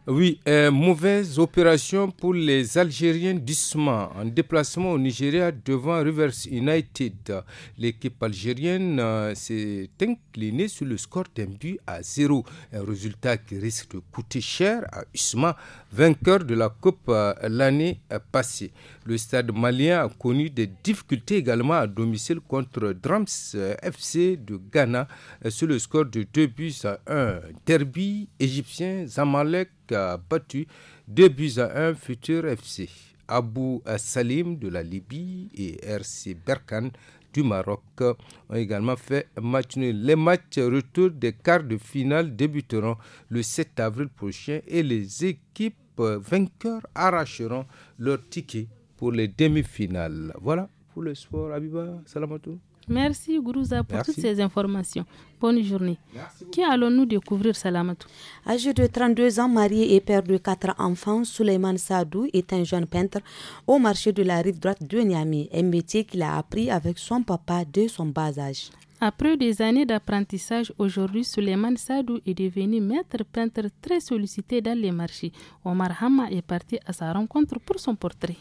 Oui, euh, mauvaise opération pour les Algériens d'Isma en déplacement au Nigeria devant Rivers United. L'équipe algérienne euh, s'est inclinée sur le score d'un à zéro, un résultat qui risque de coûter cher à Usma vainqueur de la Coupe euh, l'année euh, passée. Le stade malien a connu des difficultés également à domicile contre Drams euh, FC de Ghana sur le score de 2 buts à 1. Derby égyptien Zamalek a battu 2 buts à 1 Futur FC. Abou Salim de la Libye et RC Berkane du Maroc ont également fait match nul. Les matchs retour des quarts de finale débuteront le 7 avril prochain et les équipes vainqueurs arracheront leur ticket pour les demi-finales. Voilà pour le sport. Abiba Salamatou. Merci Gourouza pour toutes ces informations. Bonne journée. Qui allons-nous découvrir Salamatou Âgé de 32 ans, marié et père de quatre enfants, Souleymane Sadou est un jeune peintre au marché de la rive droite de Niamey, un métier qu'il a appris avec son papa dès son bas âge. Après des années d'apprentissage, aujourd'hui, Suleiman Sadou est devenu maître peintre très sollicité dans les marchés. Omar Hamma est parti à sa rencontre pour son portrait.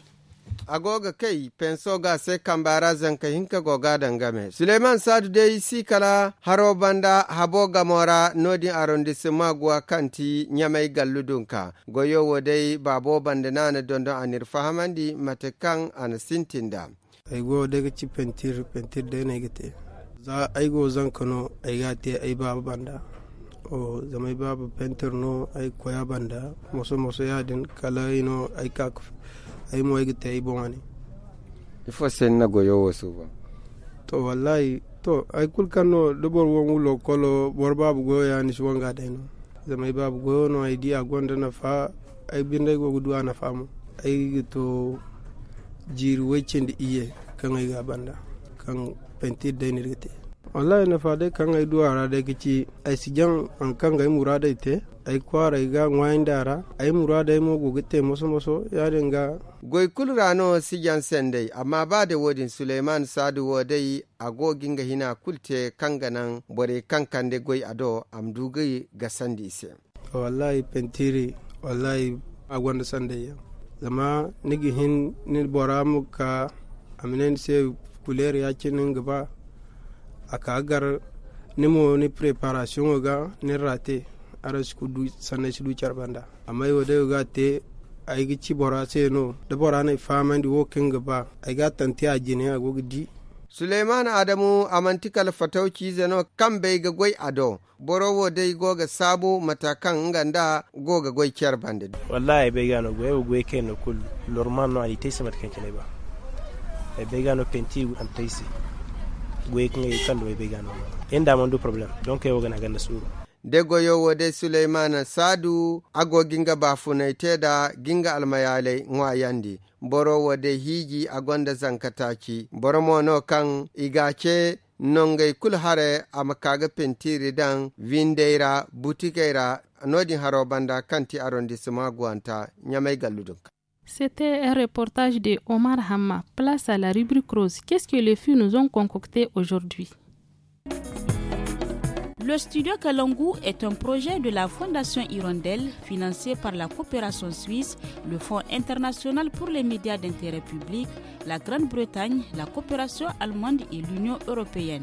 agoga kai pensoga se kambara zanka hinka goga dangame suleiman sadou dey si kala haro banda habo gamora nodi arrondissement gwa kanti nyamai galludunka goyowo babo banda nana dondo anir fahamandi matekan an sintinda aigo daga ci pentir pentir za a kano a yi gati a yi babu banda o zama babu pentir no a yi koya banda maso moso yadin kala ino ai kak ai mo gita yi bon wani ifo sen na goyo wasu ba to wallahi to ai kulkan no dubar wani wulo kolo bor babu goyo ya nishi ni shwanga deno zama babu goyo no a yi di agonda na fa a yi ai bindai go gudu ana famu yi gito jiri da iya kan yi ga banda kan pentir da nirgite wallahi na fade kan ai duwara da kici si sijan an kan ga murada ite ai kwara ga ngwain dara ai murada ai mogo gite moso moso ya dinga goi si sijan sendai amma ba da wodin suleiman sadu a gogin ga hina kulte kanganan bore kankan de goi ado amdugai ga sandi ise wallahi pentiri wallahi agwanda sandai zama nigihin ni bora muka aminen sai couleur yakinin gaba aka agar nimo ni preparation ga ni rate ara sku du sanne sku char banda amma yo de ga te ay gi ci bora se no de bora fama famandi wo kinga ba ay ga tanti a jini a di suleiman adamu amantikal fatauci zano kan bai ga gwai ado borowo dai goga sabo matakan ganda goga gwai kyar bandid wallahi bai gano gwai gwai kai no kul lorman no ali tay samat kan ba e begano penti an taisi goy kan e kan do e begano en da man do problem donc e wogana ganda suru de goyowo de suleiman sadu ago ginga bafunai teda ginga almayalai a yandi borowo de hiji agonda zankataki boromono kan igace nongay kul hare ama kaga pentiri dan vindeira butikeira nodin haro banda kanti arrondissement gwanta nyamai galludun C'était un reportage de Omar Hamma. Place à la rubrique rose. Qu'est-ce que les filles nous ont concocté aujourd'hui le studio Kalangu est un projet de la Fondation Hirondelle financé par la coopération suisse, le Fonds international pour les médias d'intérêt public, la Grande-Bretagne, la coopération allemande et l'Union européenne.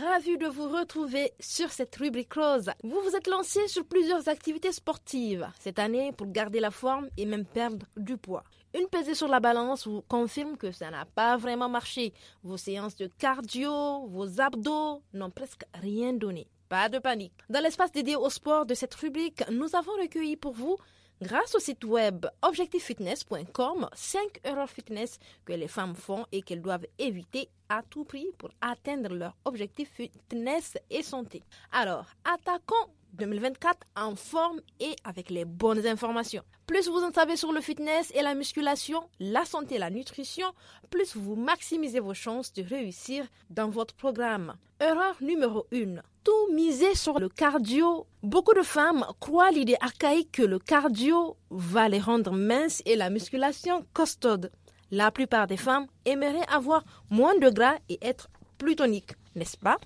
ravie de vous retrouver sur cette rubrique rose. Vous vous êtes lancé sur plusieurs activités sportives cette année pour garder la forme et même perdre du poids. Une pesée sur la balance vous confirme que ça n'a pas vraiment marché. Vos séances de cardio, vos abdos n'ont presque rien donné. Pas de panique. Dans l'espace dédié au sport de cette rubrique, nous avons recueilli pour vous Grâce au site web objectiffitness.com, 5 erreurs fitness que les femmes font et qu'elles doivent éviter à tout prix pour atteindre leur objectif fitness et santé. Alors, attaquons 2024 en forme et avec les bonnes informations. Plus vous en savez sur le fitness et la musculation, la santé et la nutrition, plus vous maximisez vos chances de réussir dans votre programme. Erreur numéro 1. Tout miser sur le cardio. Beaucoup de femmes croient l'idée archaïque que le cardio va les rendre minces et la musculation costaude. La plupart des femmes aimeraient avoir moins de gras et être plus toniques, n'est-ce pas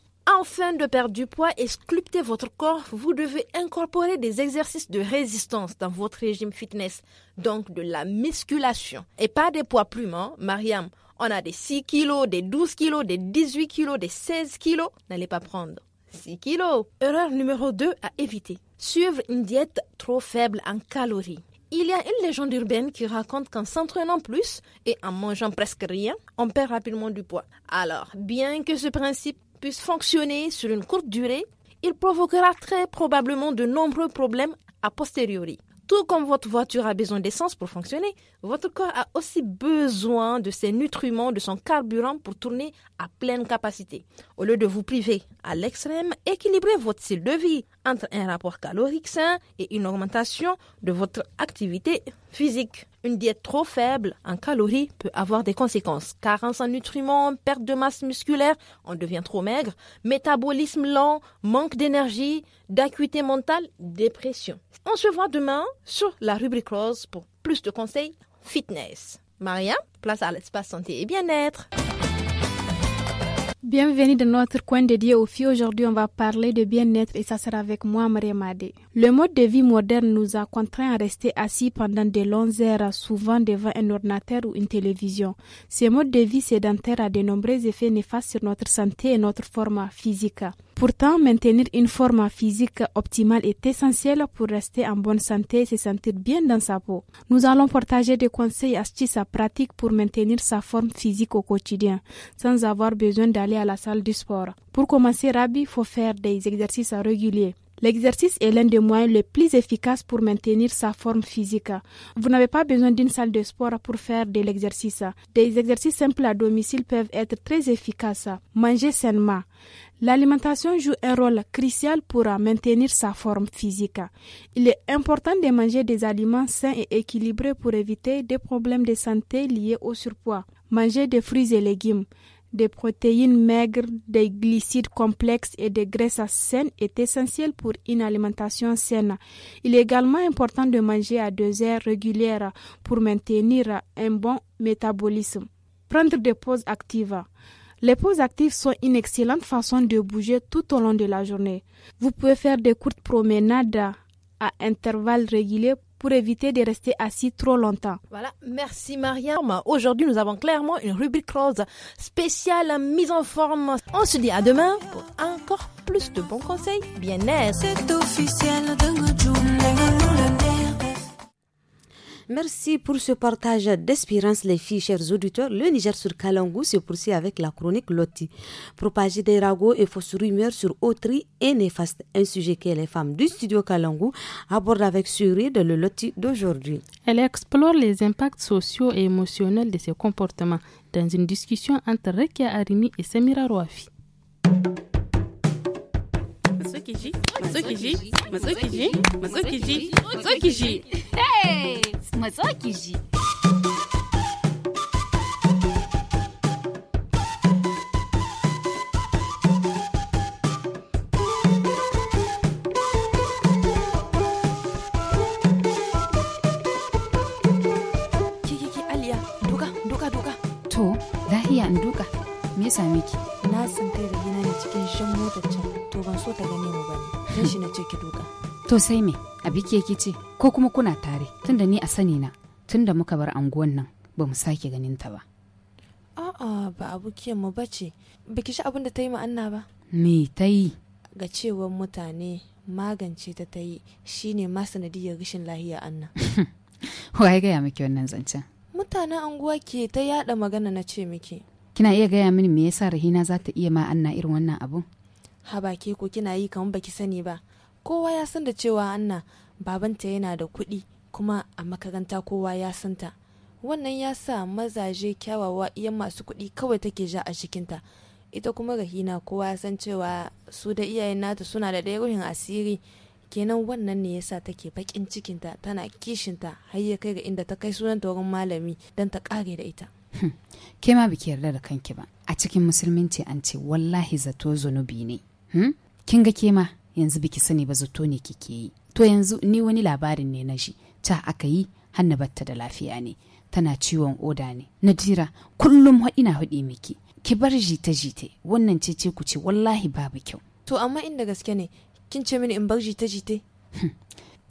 Enfin de perdre du poids et sculpter votre corps, vous devez incorporer des exercices de résistance dans votre régime fitness, donc de la musculation. Et pas des poids plumes, Mariam. On a des 6 kilos, des 12 kilos, des 18 kilos, des 16 kilos. N'allez pas prendre 6 kilos. Erreur numéro 2 à éviter. Suivre une diète trop faible en calories. Il y a une légende urbaine qui raconte qu'en s'entraînant plus et en mangeant presque rien, on perd rapidement du poids. Alors, bien que ce principe puisse fonctionner sur une courte durée, il provoquera très probablement de nombreux problèmes a posteriori. Tout comme votre voiture a besoin d'essence pour fonctionner, votre corps a aussi besoin de ses nutriments, de son carburant pour tourner à pleine capacité. Au lieu de vous priver à l'extrême, équilibrez votre style de vie entre un rapport calorique sain et une augmentation de votre activité physique. Une diète trop faible en calories peut avoir des conséquences. Carence en nutriments, perte de masse musculaire, on devient trop maigre, métabolisme lent, manque d'énergie, d'acuité mentale, dépression. On se voit demain sur la rubrique rose pour plus de conseils fitness. Maria, place à l'espace santé et bien-être. Bienvenue dans notre coin dédié aux filles. Aujourd'hui, on va parler de bien-être et ça sera avec moi, Maria Madé. Le mode de vie moderne nous a contraints à rester assis pendant de longues heures, souvent devant un ordinateur ou une télévision. Ce mode de vie sédentaire a de nombreux effets néfastes sur notre santé et notre forme physique. Pourtant, maintenir une forme physique optimale est essentiel pour rester en bonne santé et se sentir bien dans sa peau. Nous allons partager des conseils astuces à pratique pour maintenir sa forme physique au quotidien, sans avoir besoin d'aller à la salle du sport. Pour commencer, Rabi, il faut faire des exercices réguliers. L'exercice est l'un des moyens les plus efficaces pour maintenir sa forme physique. Vous n'avez pas besoin d'une salle de sport pour faire de l'exercice. Des exercices simples à domicile peuvent être très efficaces. Manger sainement. L'alimentation joue un rôle crucial pour maintenir sa forme physique. Il est important de manger des aliments sains et équilibrés pour éviter des problèmes de santé liés au surpoids. Manger des fruits et légumes, des protéines maigres, des glycides complexes et des graisses saines est essentiel pour une alimentation saine. Il est également important de manger à deux heures régulières pour maintenir un bon métabolisme. Prendre des pauses actives. Les pauses actives sont une excellente façon de bouger tout au long de la journée. Vous pouvez faire des courtes promenades à intervalles réguliers pour éviter de rester assis trop longtemps. Voilà, merci Mariam. Aujourd'hui, nous avons clairement une rubrique rose spéciale mise en forme. On se dit à demain pour encore plus de bons conseils bien-être. C'est officiel de Merci pour ce partage d'espérance, les filles, chers auditeurs. Le Niger sur Kalangou se poursuit avec la chronique Loti. Propager des ragots et fausses rumeurs sur autrui et néfaste. Un sujet que les femmes du studio Kalangou abordent avec sourire dans le Loti d'aujourd'hui. Elle explore les impacts sociaux et émotionnels de ses comportements dans une discussion entre Rekia Arimi et Samira Rouafi. matsukiji matsukiji matsukiji matsukiji matsukiji duka duka To, lahiya in duka. ya same ki na san kai da gina ne cikin shan mota can to ban so ta gane mu ne. dan shi na ce ki doka to sai me abi ke ki ce ko kuma kuna tare tunda ni a sani na tunda muka bar anguwan nan ba mu sake ganin ta ba a'a ba abokiyar mu bace biki shi abin da ta yi ma Anna ba me ta yi ga cewar mutane magance ta ta yi shine ma sanadiyar rashin lahiya Anna wa ya gaya miki wannan zancen mutanen anguwa ke ta yada magana na ce miki kina iya gaya mini me yasa rahina za ta iya ma anna irin wannan abun haba ke ko kina yi kamar baki sani ba kowa ya san da cewa anna babanta yana da kuɗi kuma a makaranta kowa ya santa wannan ya sa mazaje kyawawa iyan masu kuɗi kawai take ja a cikinta ita kuma rahina kowa ya san cewa su da iyayen nata suna da ɗaya ruhin asiri kenan wannan ne yasa take bakin cikinta tana kishinta har ya kai ga inda ta kai sunanta wurin malami don ta kare da ita Hmm. ke ma biki yarda da kanki ba a cikin musulminci an ce wallahi zato zunubi ne hmm? kin ga ke ma yanzu biki sani ba zato ne kike yi to yanzu ni wani labarin ne na shi ta aka yi hanna batta da lafiya ne tana ciwon oda ne nadira kullum haɗina haɗi miki ki bar jita jite wannan ce ce ku ce wallahi babu kyau to amma inda gaske ne kin ce mini in bar jita jite hmm.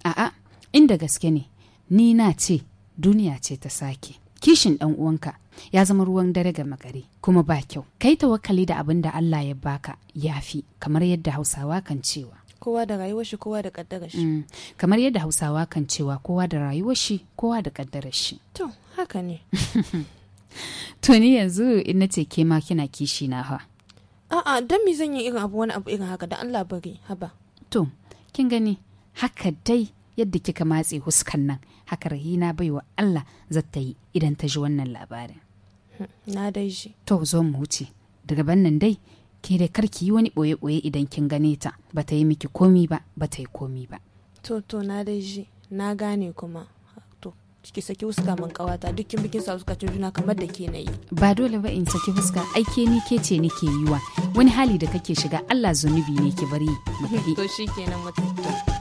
a'a inda gaske ne ni na ce duniya ce ta sake kishin dan uwanka ya zama ruwan dare ga magari kuma ba kyau kai tawakkali da abin da Allah ya baka yafi kamar yadda Hausawa kan cewa kowa da rayuwar shi kowa da kaddarar shi mm. kamar yadda Hausawa kan cewa kowa da rayuwar shi kowa da kaddarar shi to haka ne to ni yanzu in nace ke ma kina kishi na ha a'a dan me zan yi irin abu wani abu irin haka da Allah bari haba to kin gani haka dai yadda kika matse huskan nan haka rahina baiwa Allah zata yi idan ta ji wannan labarin na dai shi to zo mu wuce daga ban nan dai ke da ki yi wani boye-boye idan kin gane ta ba ta yi miki komi ba ba ta yi komi ba to to na dai shi na gane kuma to ki saki fuska man kawata dukkin bikin sa fuska juna kamar da ke nayi ba dole ba in saki fuska ai ke ni ke ce nake yiwa wani hali da kake shiga Allah zunubi ne ki bari mu to shikenan mutum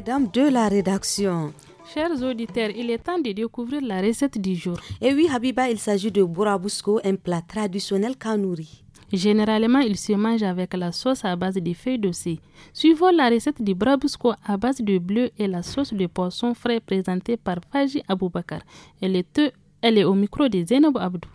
dames de la rédaction. Chers auditeurs, il est temps de découvrir la recette du jour. Et eh oui, Habiba, il s'agit de burabusco, un plat traditionnel kanouri. Généralement, il se mange avec la sauce à base de feuilles de Suivons la recette du brabusco à base de bleu et la sauce de poisson frais présentée par Faji Aboubakar. Elle est, elle est au micro de Zenob Abdou.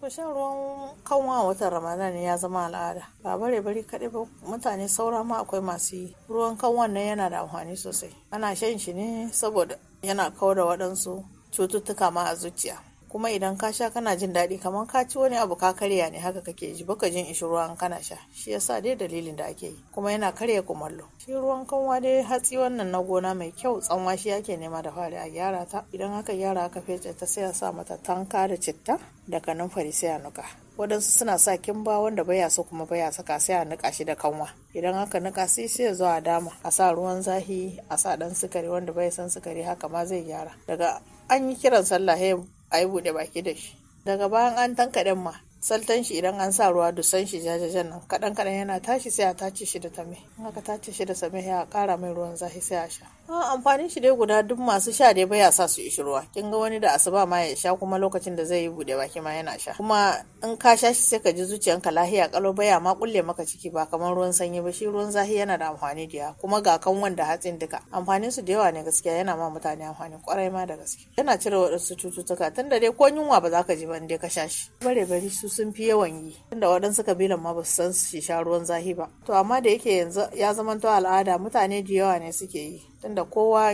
To shan ruwan kanwa watan Ramadan ya zama al'ada. Ba bare bari kaɗai ba mutane saura ma akwai masu yi. Ruwan kanwan nan yana da amfani sosai. Ana shan shi ne saboda yana kawar da waɗansu cututtuka ma a zuciya. kuma idan ka sha kana jin daɗi kamar ka ci wani abu ka karya ne haka kake ji baka jin ishi ruwan kana sha shi yasa dai dalilin da ake yi kuma yana karya kumallo shi ruwan kanwa dai hatsi wannan na gona mai kyau tsanwa shi ake nema da fari a gyara ta idan aka gyara aka fece ta sai a sa mata tanka da citta da fari sai a nuka waɗansu suna sa kimba wanda baya so kuma baya saka sai a nika shi da kanwa idan aka nika sai sai zo a dama a sa ruwan zahi a sa ɗan sukari wanda bai san sukari haka ma zai gyara daga an yi kiran sallah a yi buɗe baki da shi daga bayan an tankaɗen ma saltan shi idan an sa ruwa dusan shi jajajen nan kaɗan kaɗan yana tashi sai a tace shi da tame in aka tace shi da tame a ƙara mai ruwan zafi sai a sha amfanin shi dai guda duk masu sha dai baya sa su ishi ruwa kin ga wani da asuba ma ya sha kuma lokacin da zai yi bude baki ma yana sha kuma in ka sha shi sai ka ji zuciyanka lahiya kalau baya ma kulle maka ciki ba kamar ruwan sanyi ba shi ruwan zahi yana da amfani da kuma ga kan wanda hatsin duka amfanin su da yawa ne gaskiya yana ma mutane amfani kwarai ma da gaske yana cire waɗansu cututtuka tunda dai ko yunwa ba za ka ji ba in dai ka sha shi bare bari su sun fi yawan yi tunda waɗansu kabilan ma ba su san su sha ruwan zahi ba to amma da yake yanzu ya zamanto al'ada mutane da yawa ne suke yi tunda kowa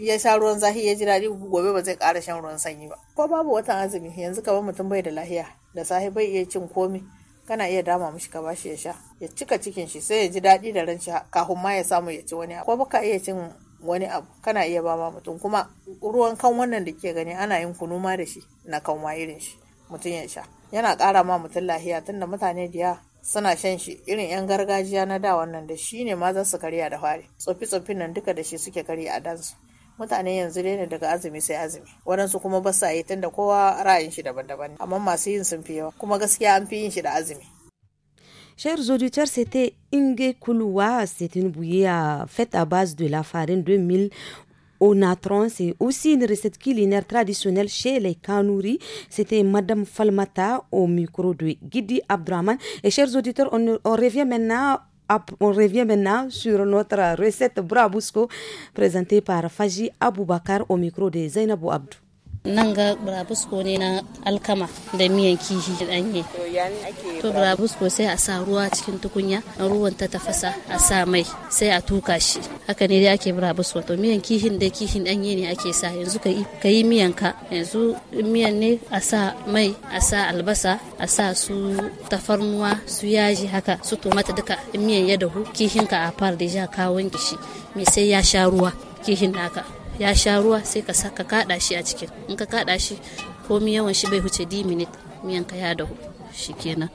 ya sha ruwan zafi ya ji daɗi gobe ba zai ƙara shan ruwan sanyi ba ko babu watan azumi yanzu kamar mutum bai da lahiya da safe bai iya cin komi kana iya dama mishi ka bashi ya sha ya cika cikin shi sai ya ji daɗi da ran shi kafin ma ya samu ya ci wani abu ko baka iya cin wani abu kana iya ba ma mutum kuma ruwan kan wannan da ke gani ana yin kunu ma da shi na kanwa irin shi mutum ya sha yana ƙara ma mutum lahiya tunda mutane da suna shan shi irin 'yan gargajiya na da wannan da shi ne ma za su karya da fari tsofi-tsofin nan duka da shi suke karya a dansu mutane yanzu dai ne daga azumi sai azumi waɗansu kuma ba sa yi tunda kowa ra'ayin shi daban-daban ne amma masu yin sun fi yawa kuma gaskiya an fi yin shi da azumi Chers auditeurs, c'était Inge Kuluwa, C'est une bouillie à, euh, faite à base de la farine au natron. C'est aussi une recette culinaire traditionnelle chez les Kanouri. C'était Madame Falmata au micro de Gidi Abdraman. Et chers auditeurs, on, revient maintenant on revient maintenant sur notre recette Brabusco présentée par Faji Aboubakar au micro de Zainabou Abdou. nan ga burabusko ne na alkama da miyan kihi danye to burabusko sai a sa ruwa cikin tukunya ruwan ta tafasa a sa mai sai a tuka shi haka ne dai ake burabusko to miyan kihin da kihin danye ne ake sa yanzu ka yi miyan ka yanzu miyan ne a sa mai a sa albasa a sa su tafarnuwa su yaji haka su tomata duka miyan ya dahu kihin ka a far da ja ka wanke shi me sai ya sha ruwa kihin naka ya sha ruwa sai ka saka kada shi a cikin in ka kada shi komi yawan shi bai huce di minit miyan ka ya dahu shi kenan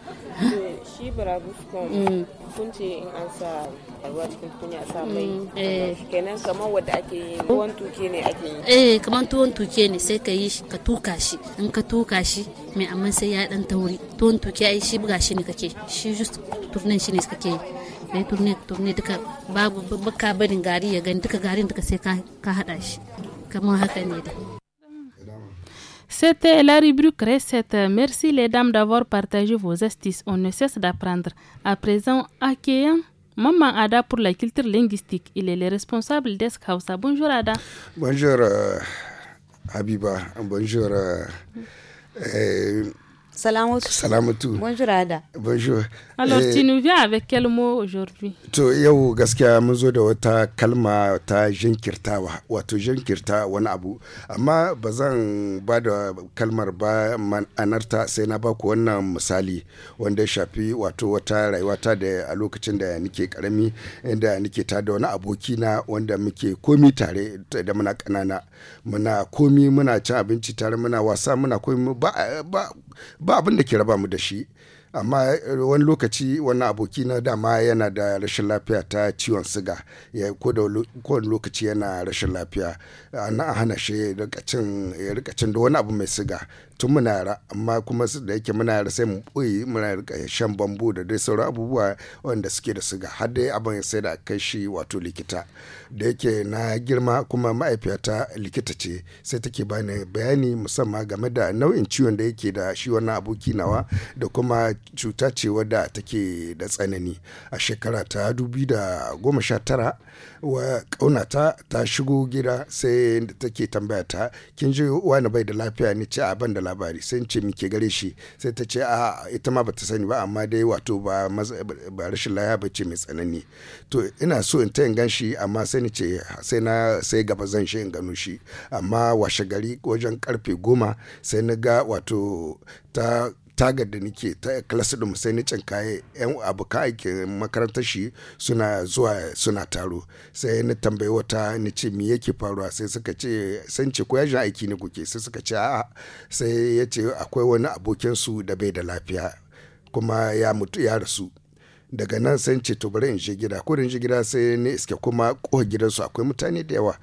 shi mm. kun ce in an sa ruwa cikin tukunya sa mm, mai eh. kenan kamar wadda ake yi tuwon tuke ne ake yi eh kamar tuwon tuke ne sai ka yi ka tuka shi in ka tuka shi mai amma sai ya dan tauri tuwon tuke ai shi buga shi ne kake shi just turnin shi ne kake yi C'était la rubrique recette. Merci les dames d'avoir partagé vos astuces. On ne cesse d'apprendre. À présent, Akeyan, Maman Ada pour la culture linguistique. Il est le responsable d'Esk Bonjour Ada. Bonjour Abiba. Euh, Habiba. Bonjour. Euh, euh, Bonjour Ada. Bonjour. Alors, eh. nous viens avec quel mot aujourd'hui? To yau gaskiya mun zo da wata kalma ta jinkirtawa, wato jinkirta wani abu. Amma ba zan ba da kalmar ba ma'anarta sai na baku wannan misali wanda ya shafi wato wata rayuwata da a lokacin da nike karami inda nike ta da wani aboki na wanda muke komi tare da muna kanana. Muna komi muna cin abinci tare muna wasa muna komi ba, ba abin da ke raba mu da shi. amma eh, wani lokaci wani aboki na dama yana da rashin lafiya ta ciwon siga ya ko da wani lokaci yana rashin lafiya na hana shi ya da wani abu mai siga tun muna ra amma kuma su da yake muna yara sai mu ɓoye muna rika shan bambu da dai sauran abubuwa wanda suke da suga har dai abin sai da kai shi wato likita da yake na girma kuma ma'aifiyata likita ce sai take bani bayani musamman game da nau'in ciwon da yake da shi wannan aboki nawa da kuma cuta ce wadda take da tsanani a shekara ta dubi da goma sha tara wa ƙaunata ta shigo gida sai take tambaya ta kin ji wani bai da lafiya ni ce a ban da labari sai ce muke gare shi sai ta ce a ita ma bata sani ba amma dai wato ba ba rashin lafiya ba ce mai tsanani to ina so in ta gan shi amma sai ni ce sai na sai gaba zan shi in gano shi amma washe gari wajen karfe goma sai na ga wato ta tagar da nike ta classroom sai ni kaye yan abokan aikin makarantar shi suna zuwa suna taro sai ni tambayi wata ni ce me yake faruwa sai suka ce san ce ko yajin aiki ne kuke sai suka ce a'a sai ya ce akwai wani abokin su da bai da lafiya kuma ya mutu ya rasu daga nan san ce to bari in je gida ko in je gida sai ni iske kuma ko su akwai mutane da yawa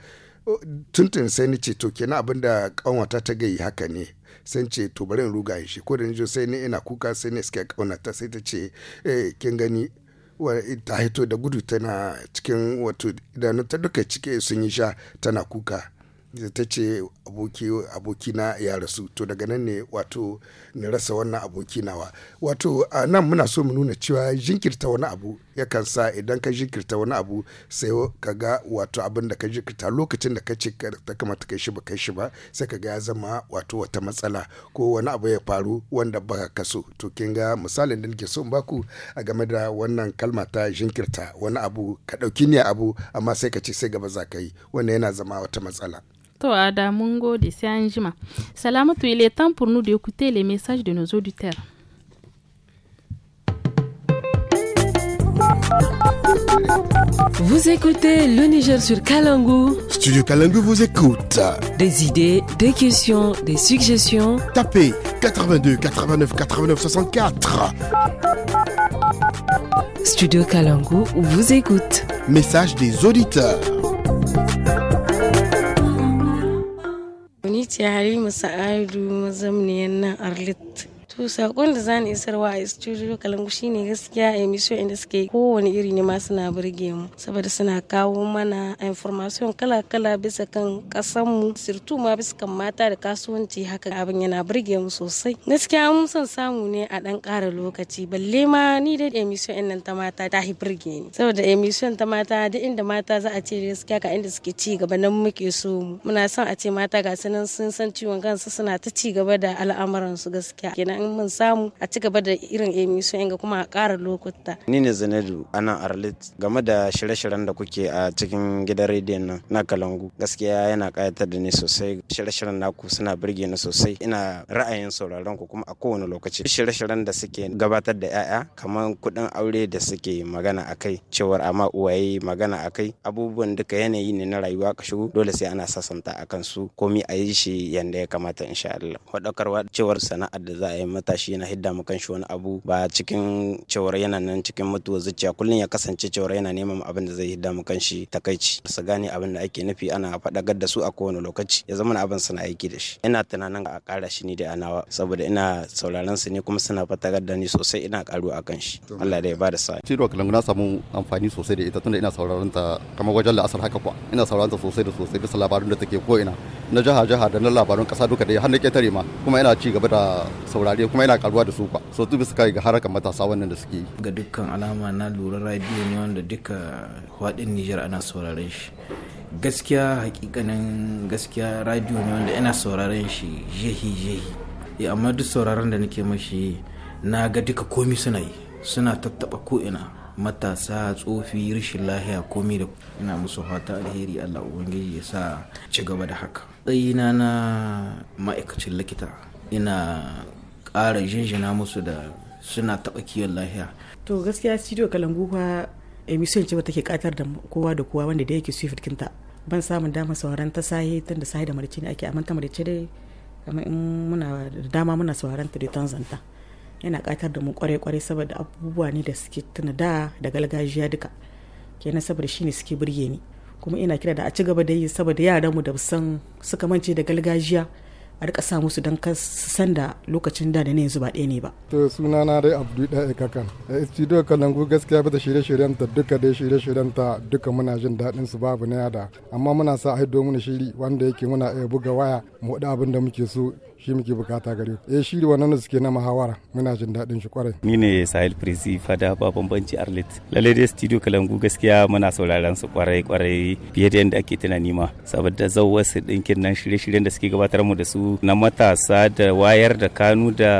tuntun sai ni ce to kenan abin da kanwata ta gayi haka ne sun ce to bari in ruga shi ko da ni sai ni ina kuka sai ni suka kaunata sai ta ce eh, kin gani ta haito da gudu tana cikin wato idanun ta duka cike sun yi sha tana kuka ta ce aboki abokina ya rasu to daga nan ne wato na rasa wannan aboki nawa wato a nan muna so mu nuna cewa jinkirta wani abu yakan sa idan ka jinkirta wani abu sai ka ga wato abin da ka jinkirta lokacin da ka ce ta kamata kai shi ba kai shi ba sai ka ga ya zama wato wata matsala ko wani abu ya faru wanda baka ka so to kin ga misalin da nake so in baku a game da wannan kalma ta jinkirta wani abu ka ɗauki ni abu amma sai ka ce sai gaba za ka yi wannan yana zama wata matsala To Adamungo de Sanjima. il est temps pour nous d'écouter les messages de nos auditeurs. Vous écoutez le Niger sur Kalangu. Studio Kalangu vous écoute. Des idées, des questions, des suggestions. Tapez 82 89 89 64. Studio Kalangu vous écoute. Message des auditeurs. ce Halima Sa'adu mazamniyan nan Arlit. To saƙon da zan isarwa a studio Kalangu shine gaskiya emission inda suke kowane iri ne ma suna burge mu saboda suna kawo mana information kala-kala bisa kan mu sirtu ma bisa kan mata da kasuwanci haka abin yana burge mu sosai. Gaskiya mun son samu ne a ɗan ƙara lokaci balle ma ni da emission ɗin nan ta mata ta hi burge ni saboda emission ta mata duk inda mata za a ce gaskiya ka inda suke ci gaba nan muke so mu muna son a ce mata ga sanan sun san ciwon kansu suna ta ci gaba da al'amuransu gaskiya kenan mun samu a ci gaba da irin emission ga kuma a ƙara lokuta. Ni ne Zanadu a nan Arlit game da shirye-shiryen da kuke a cikin gidan rediyon nan na Kalangu gaskiya yana ƙayatar da ni sosai shirye-shiryen naku suna birge ni sosai ina ra'ayin sauraron ku kuma a kowane lokaci shirye-shiryen da suke gabatar da 'ya'ya kamar kuɗin aure da suke magana a kai. cewar amma uwaye magana a kai. abubuwan duka yanayi ne na rayuwa ka shigo dole sai ana sasanta akan su komi a yi shi yanda ya kamata insha Allah. Faɗakarwa cewar sana'ar da za a yi matashi yana hidda mu shi wani abu ba cikin cewar yana nan cikin mutuwa zuciya kullum ya kasance cewar yana neman abin da zai hidda mu kanshi takaici su gane abin da ake nufi ana faɗa da su a kowane lokaci ya zama abin suna aiki da shi ina tunanin a ƙara shi ni da anawa saboda ina sauraron su ne kuma suna fata da ni sosai ina ƙaru a kan shi Allah da ya bada sa'a Ciro Kalangu na samu amfani sosai da ita tunda ina sauraron ta kamar wajen la'asar haka kuwa ina sauraron ta sosai da sosai bisa labarin da take ko ina na jaha jaha da na labarin kasa duka da har na tare ma kuma ina ci gaba da saurare kuma yana karuwa da su kwa so tubi bisa kai ga harakan matasa wannan da suke yi ga dukkan alama na lura radio ne wanda duka fadin Niger ana sauraron shi gaskiya hakikanin gaskiya radio ne wanda ina sauraron shi jehi jehi eh, amma duk sauraron da nake mashi na ga duka komi suna yi suna tattaba ko ina matasa tsofi rashin lahiya komi da ina musu fata alheri allah ubangiji ya sa ci gaba da haka tsayina na ma'aikacin likita ina ƙara jinjina musu da suna taɓa kiwon lahiya to gaskiya studio kalangu kuwa emission ce take katar da kowa da kowa wanda da yake su kinta ban samun damar sauran ta sahi tun da sahi da marice ne ake amma ta marice dai kamar in muna da dama muna sauran ta da tanzanta yana katar da mu kwarai kwarai saboda abubuwa ne da suke tuna da da galgajiya duka kenan saboda shine suke burge ni kuma ina kira da a ci gaba da yi saboda yaran mu da san suka mance da galgajiya a rika sa musu don ka san da lokacin da da ne yanzu ba ɗaya ne ba. to suna na dai abdu da kakan studio kalangu gaskiya bata shirye-shiryen ta duka dai shirye-shiryen ta duka muna jin daɗin su babu na yada amma muna sa a yi domin shiri wanda yake muna iya buga waya mu abin da muke so shi muke bukata gare ku eh shi wannan suke na muhawara muna jin daɗin shi kwarai ni ne Sahil Prezi fada ba bambanci Arlet lalle dai studio Kalangu gaskiya muna sauraron su kwarai kwarai fiye da yanda ake tunani ma saboda zawar su dinkin nan shirye-shiryen da suke gabatar mu da su na matasa da wayar da kanu da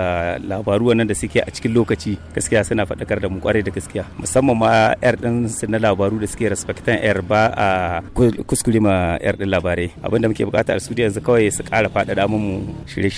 labaru wannan da suke a cikin lokaci gaskiya suna faɗakar da mu kwarai da gaskiya musamman ma yar din su na labaru da suke respectan yar ba a kuskure ma yar din labarai abinda muke bukata a studio yanzu kawai su ƙara faɗaɗa mu shirye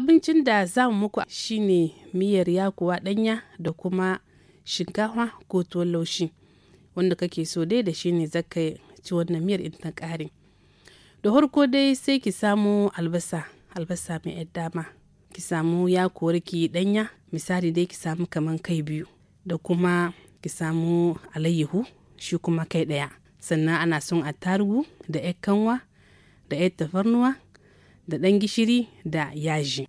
abincin da za mu muku shine miyar yakuwa danya da kuma shinkafa ko tuwon laushi wanda kake so dai da shine zaka ci wannan miyar in ta kare da harko dai sai ki samu albasa albasa mai yar dama ki samu yakuwar ki danya misali dai ki samu kaman kai biyu da kuma ki samu alayyahu shi kuma kai ɗaya sannan ana son attarugu da 'yar kanwa da 'yar tafarnuwa da ɗan gishiri da yaji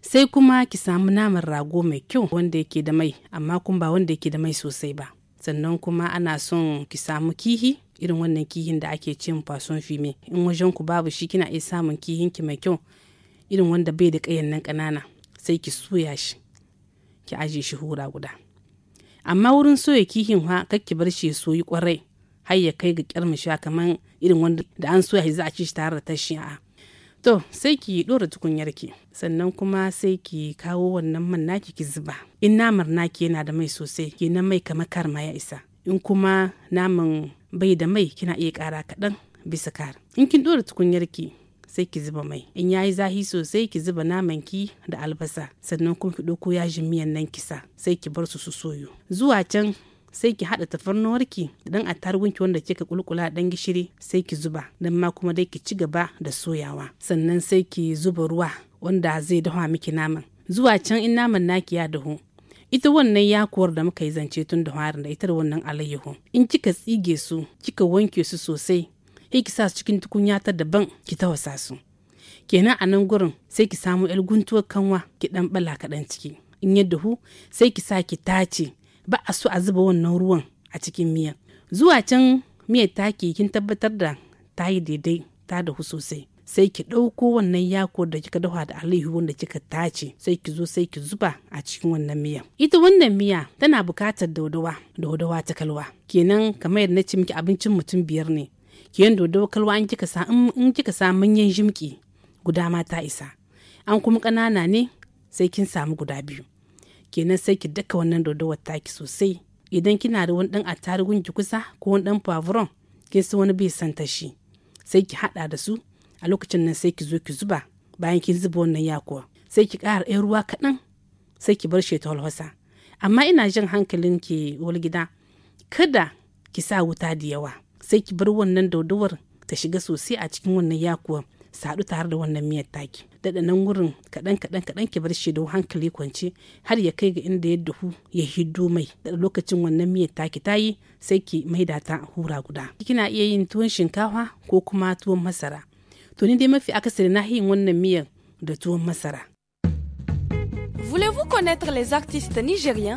sai kuma ki samu naman rago mai kyau wanda yake da mai amma kun ba wanda yake da mai sosai ba sannan kuma ana son ki samu kihi irin wannan kihin da ake ce fason fime in wajen ku babu shi kina iya samun kihin ki mai kyau irin wanda bai da kayan nan kanana sai ki soya shi ki aje shi hura guda amma wurin soya kihin ha ki bar shi ya soyi kwarai har ya kai ga kyarmisha kamar irin wanda da an soya shi za a ci shi tare da tashi a'a to sai ki dora tukunyarki sannan kuma sai ki kawo wannan man naki ki zuba in namar naki yana da mai sosai na mai kamar kar ma ya isa in kuma naman bai da mai kina iya kara kaɗan bisa kar in kin dora tukunyarki sai ki zuba mai in yayi zahi sosai ki zuba naman ki da albasa sannan kuma ki ɗauko yajin miyan nan kisa sai ki bar su su soyu zuwa can sai ki haɗa tafarnuwarki da ɗan attargunki wanda kika kulkula dan gishiri sai ki zuba dan ma kuma dai ki ci gaba da soyawa sannan sai ki zuba ruwa wanda zai dafa miki naman zuwa can in naman naki ya dahu ita wannan yakuwar da muka yi zance tun da harin da ita da wannan alayyahu in kika tsige su kika wanke su sosai sai ki sa su cikin tukunya ta daban ki tawasa su kenan a nan gurin sai ki samu yar guntuwar kanwa ki dan bala kaɗan ciki in ya dahu sai ki sa ki tace ba a so a zuba wannan ruwan a cikin miyan zuwa can miyar taki kin tabbatar da ta yi daidai ta dahu sosai sai ki ɗauko wannan yako da kika dafa da alaihu wanda kika tace sai ki zo sai ki zuba a cikin wannan miya ita wannan miya tana buƙatar da daudawa ta kalwa kenan kamar yadda na ci miki abincin mutum biyar ne kiyan daudawa kalwa in kika sa in kika sa manyan jimki guda ma ta isa an kuma ƙanana ne sai kin samu guda biyu kenan sai ki daka wannan dodowar taki sosai idan kina da wani dan attarugun ki kusa ko wani dan pavron kin san wani bai santa shi sai ki hada da su a lokacin nan sai ki zo ki zuba bayan kin zuba wannan yakuwa sai ki kara ɗan ruwa kaɗan sai ki bar shi ta holhosa amma ina jin hankalin ki wani gida kada ki sa wuta da yawa sai ki bar wannan daudawar ta shiga sosai a cikin wannan yakuwa saɗu tare da wannan miyar taki daɗa nan wurin kaɗan kaɗan kaɗan ki bar shi da hankali kwance har ya kai ga inda ya dahu ya hiddo mai daɗa lokacin wannan miyar taki ta yi sai ki maida ta hura guda kina iya yin tuwon shinkafa ko kuma tuwon masara to ni dai mafi akasari na yin wannan miyar da tuwon masara Voulez-vous connaître les artistes nigériens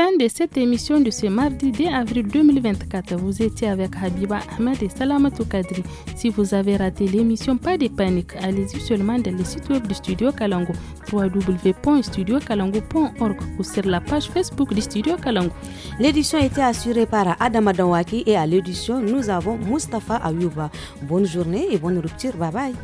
Fin de cette émission de ce mardi 10 avril 2024. Vous étiez avec Habiba Ahmed et Salamatou Kadri. Si vous avez raté l'émission, pas de panique. Allez-y seulement dans le site web du Studio Kalango, www.studiokalango.org ou sur la page Facebook du Studio Kalango. L'édition était assurée par Adama Danwaki et à l'édition, nous avons Mustafa Ayouba. Bonne journée et bonne rupture. Bye bye.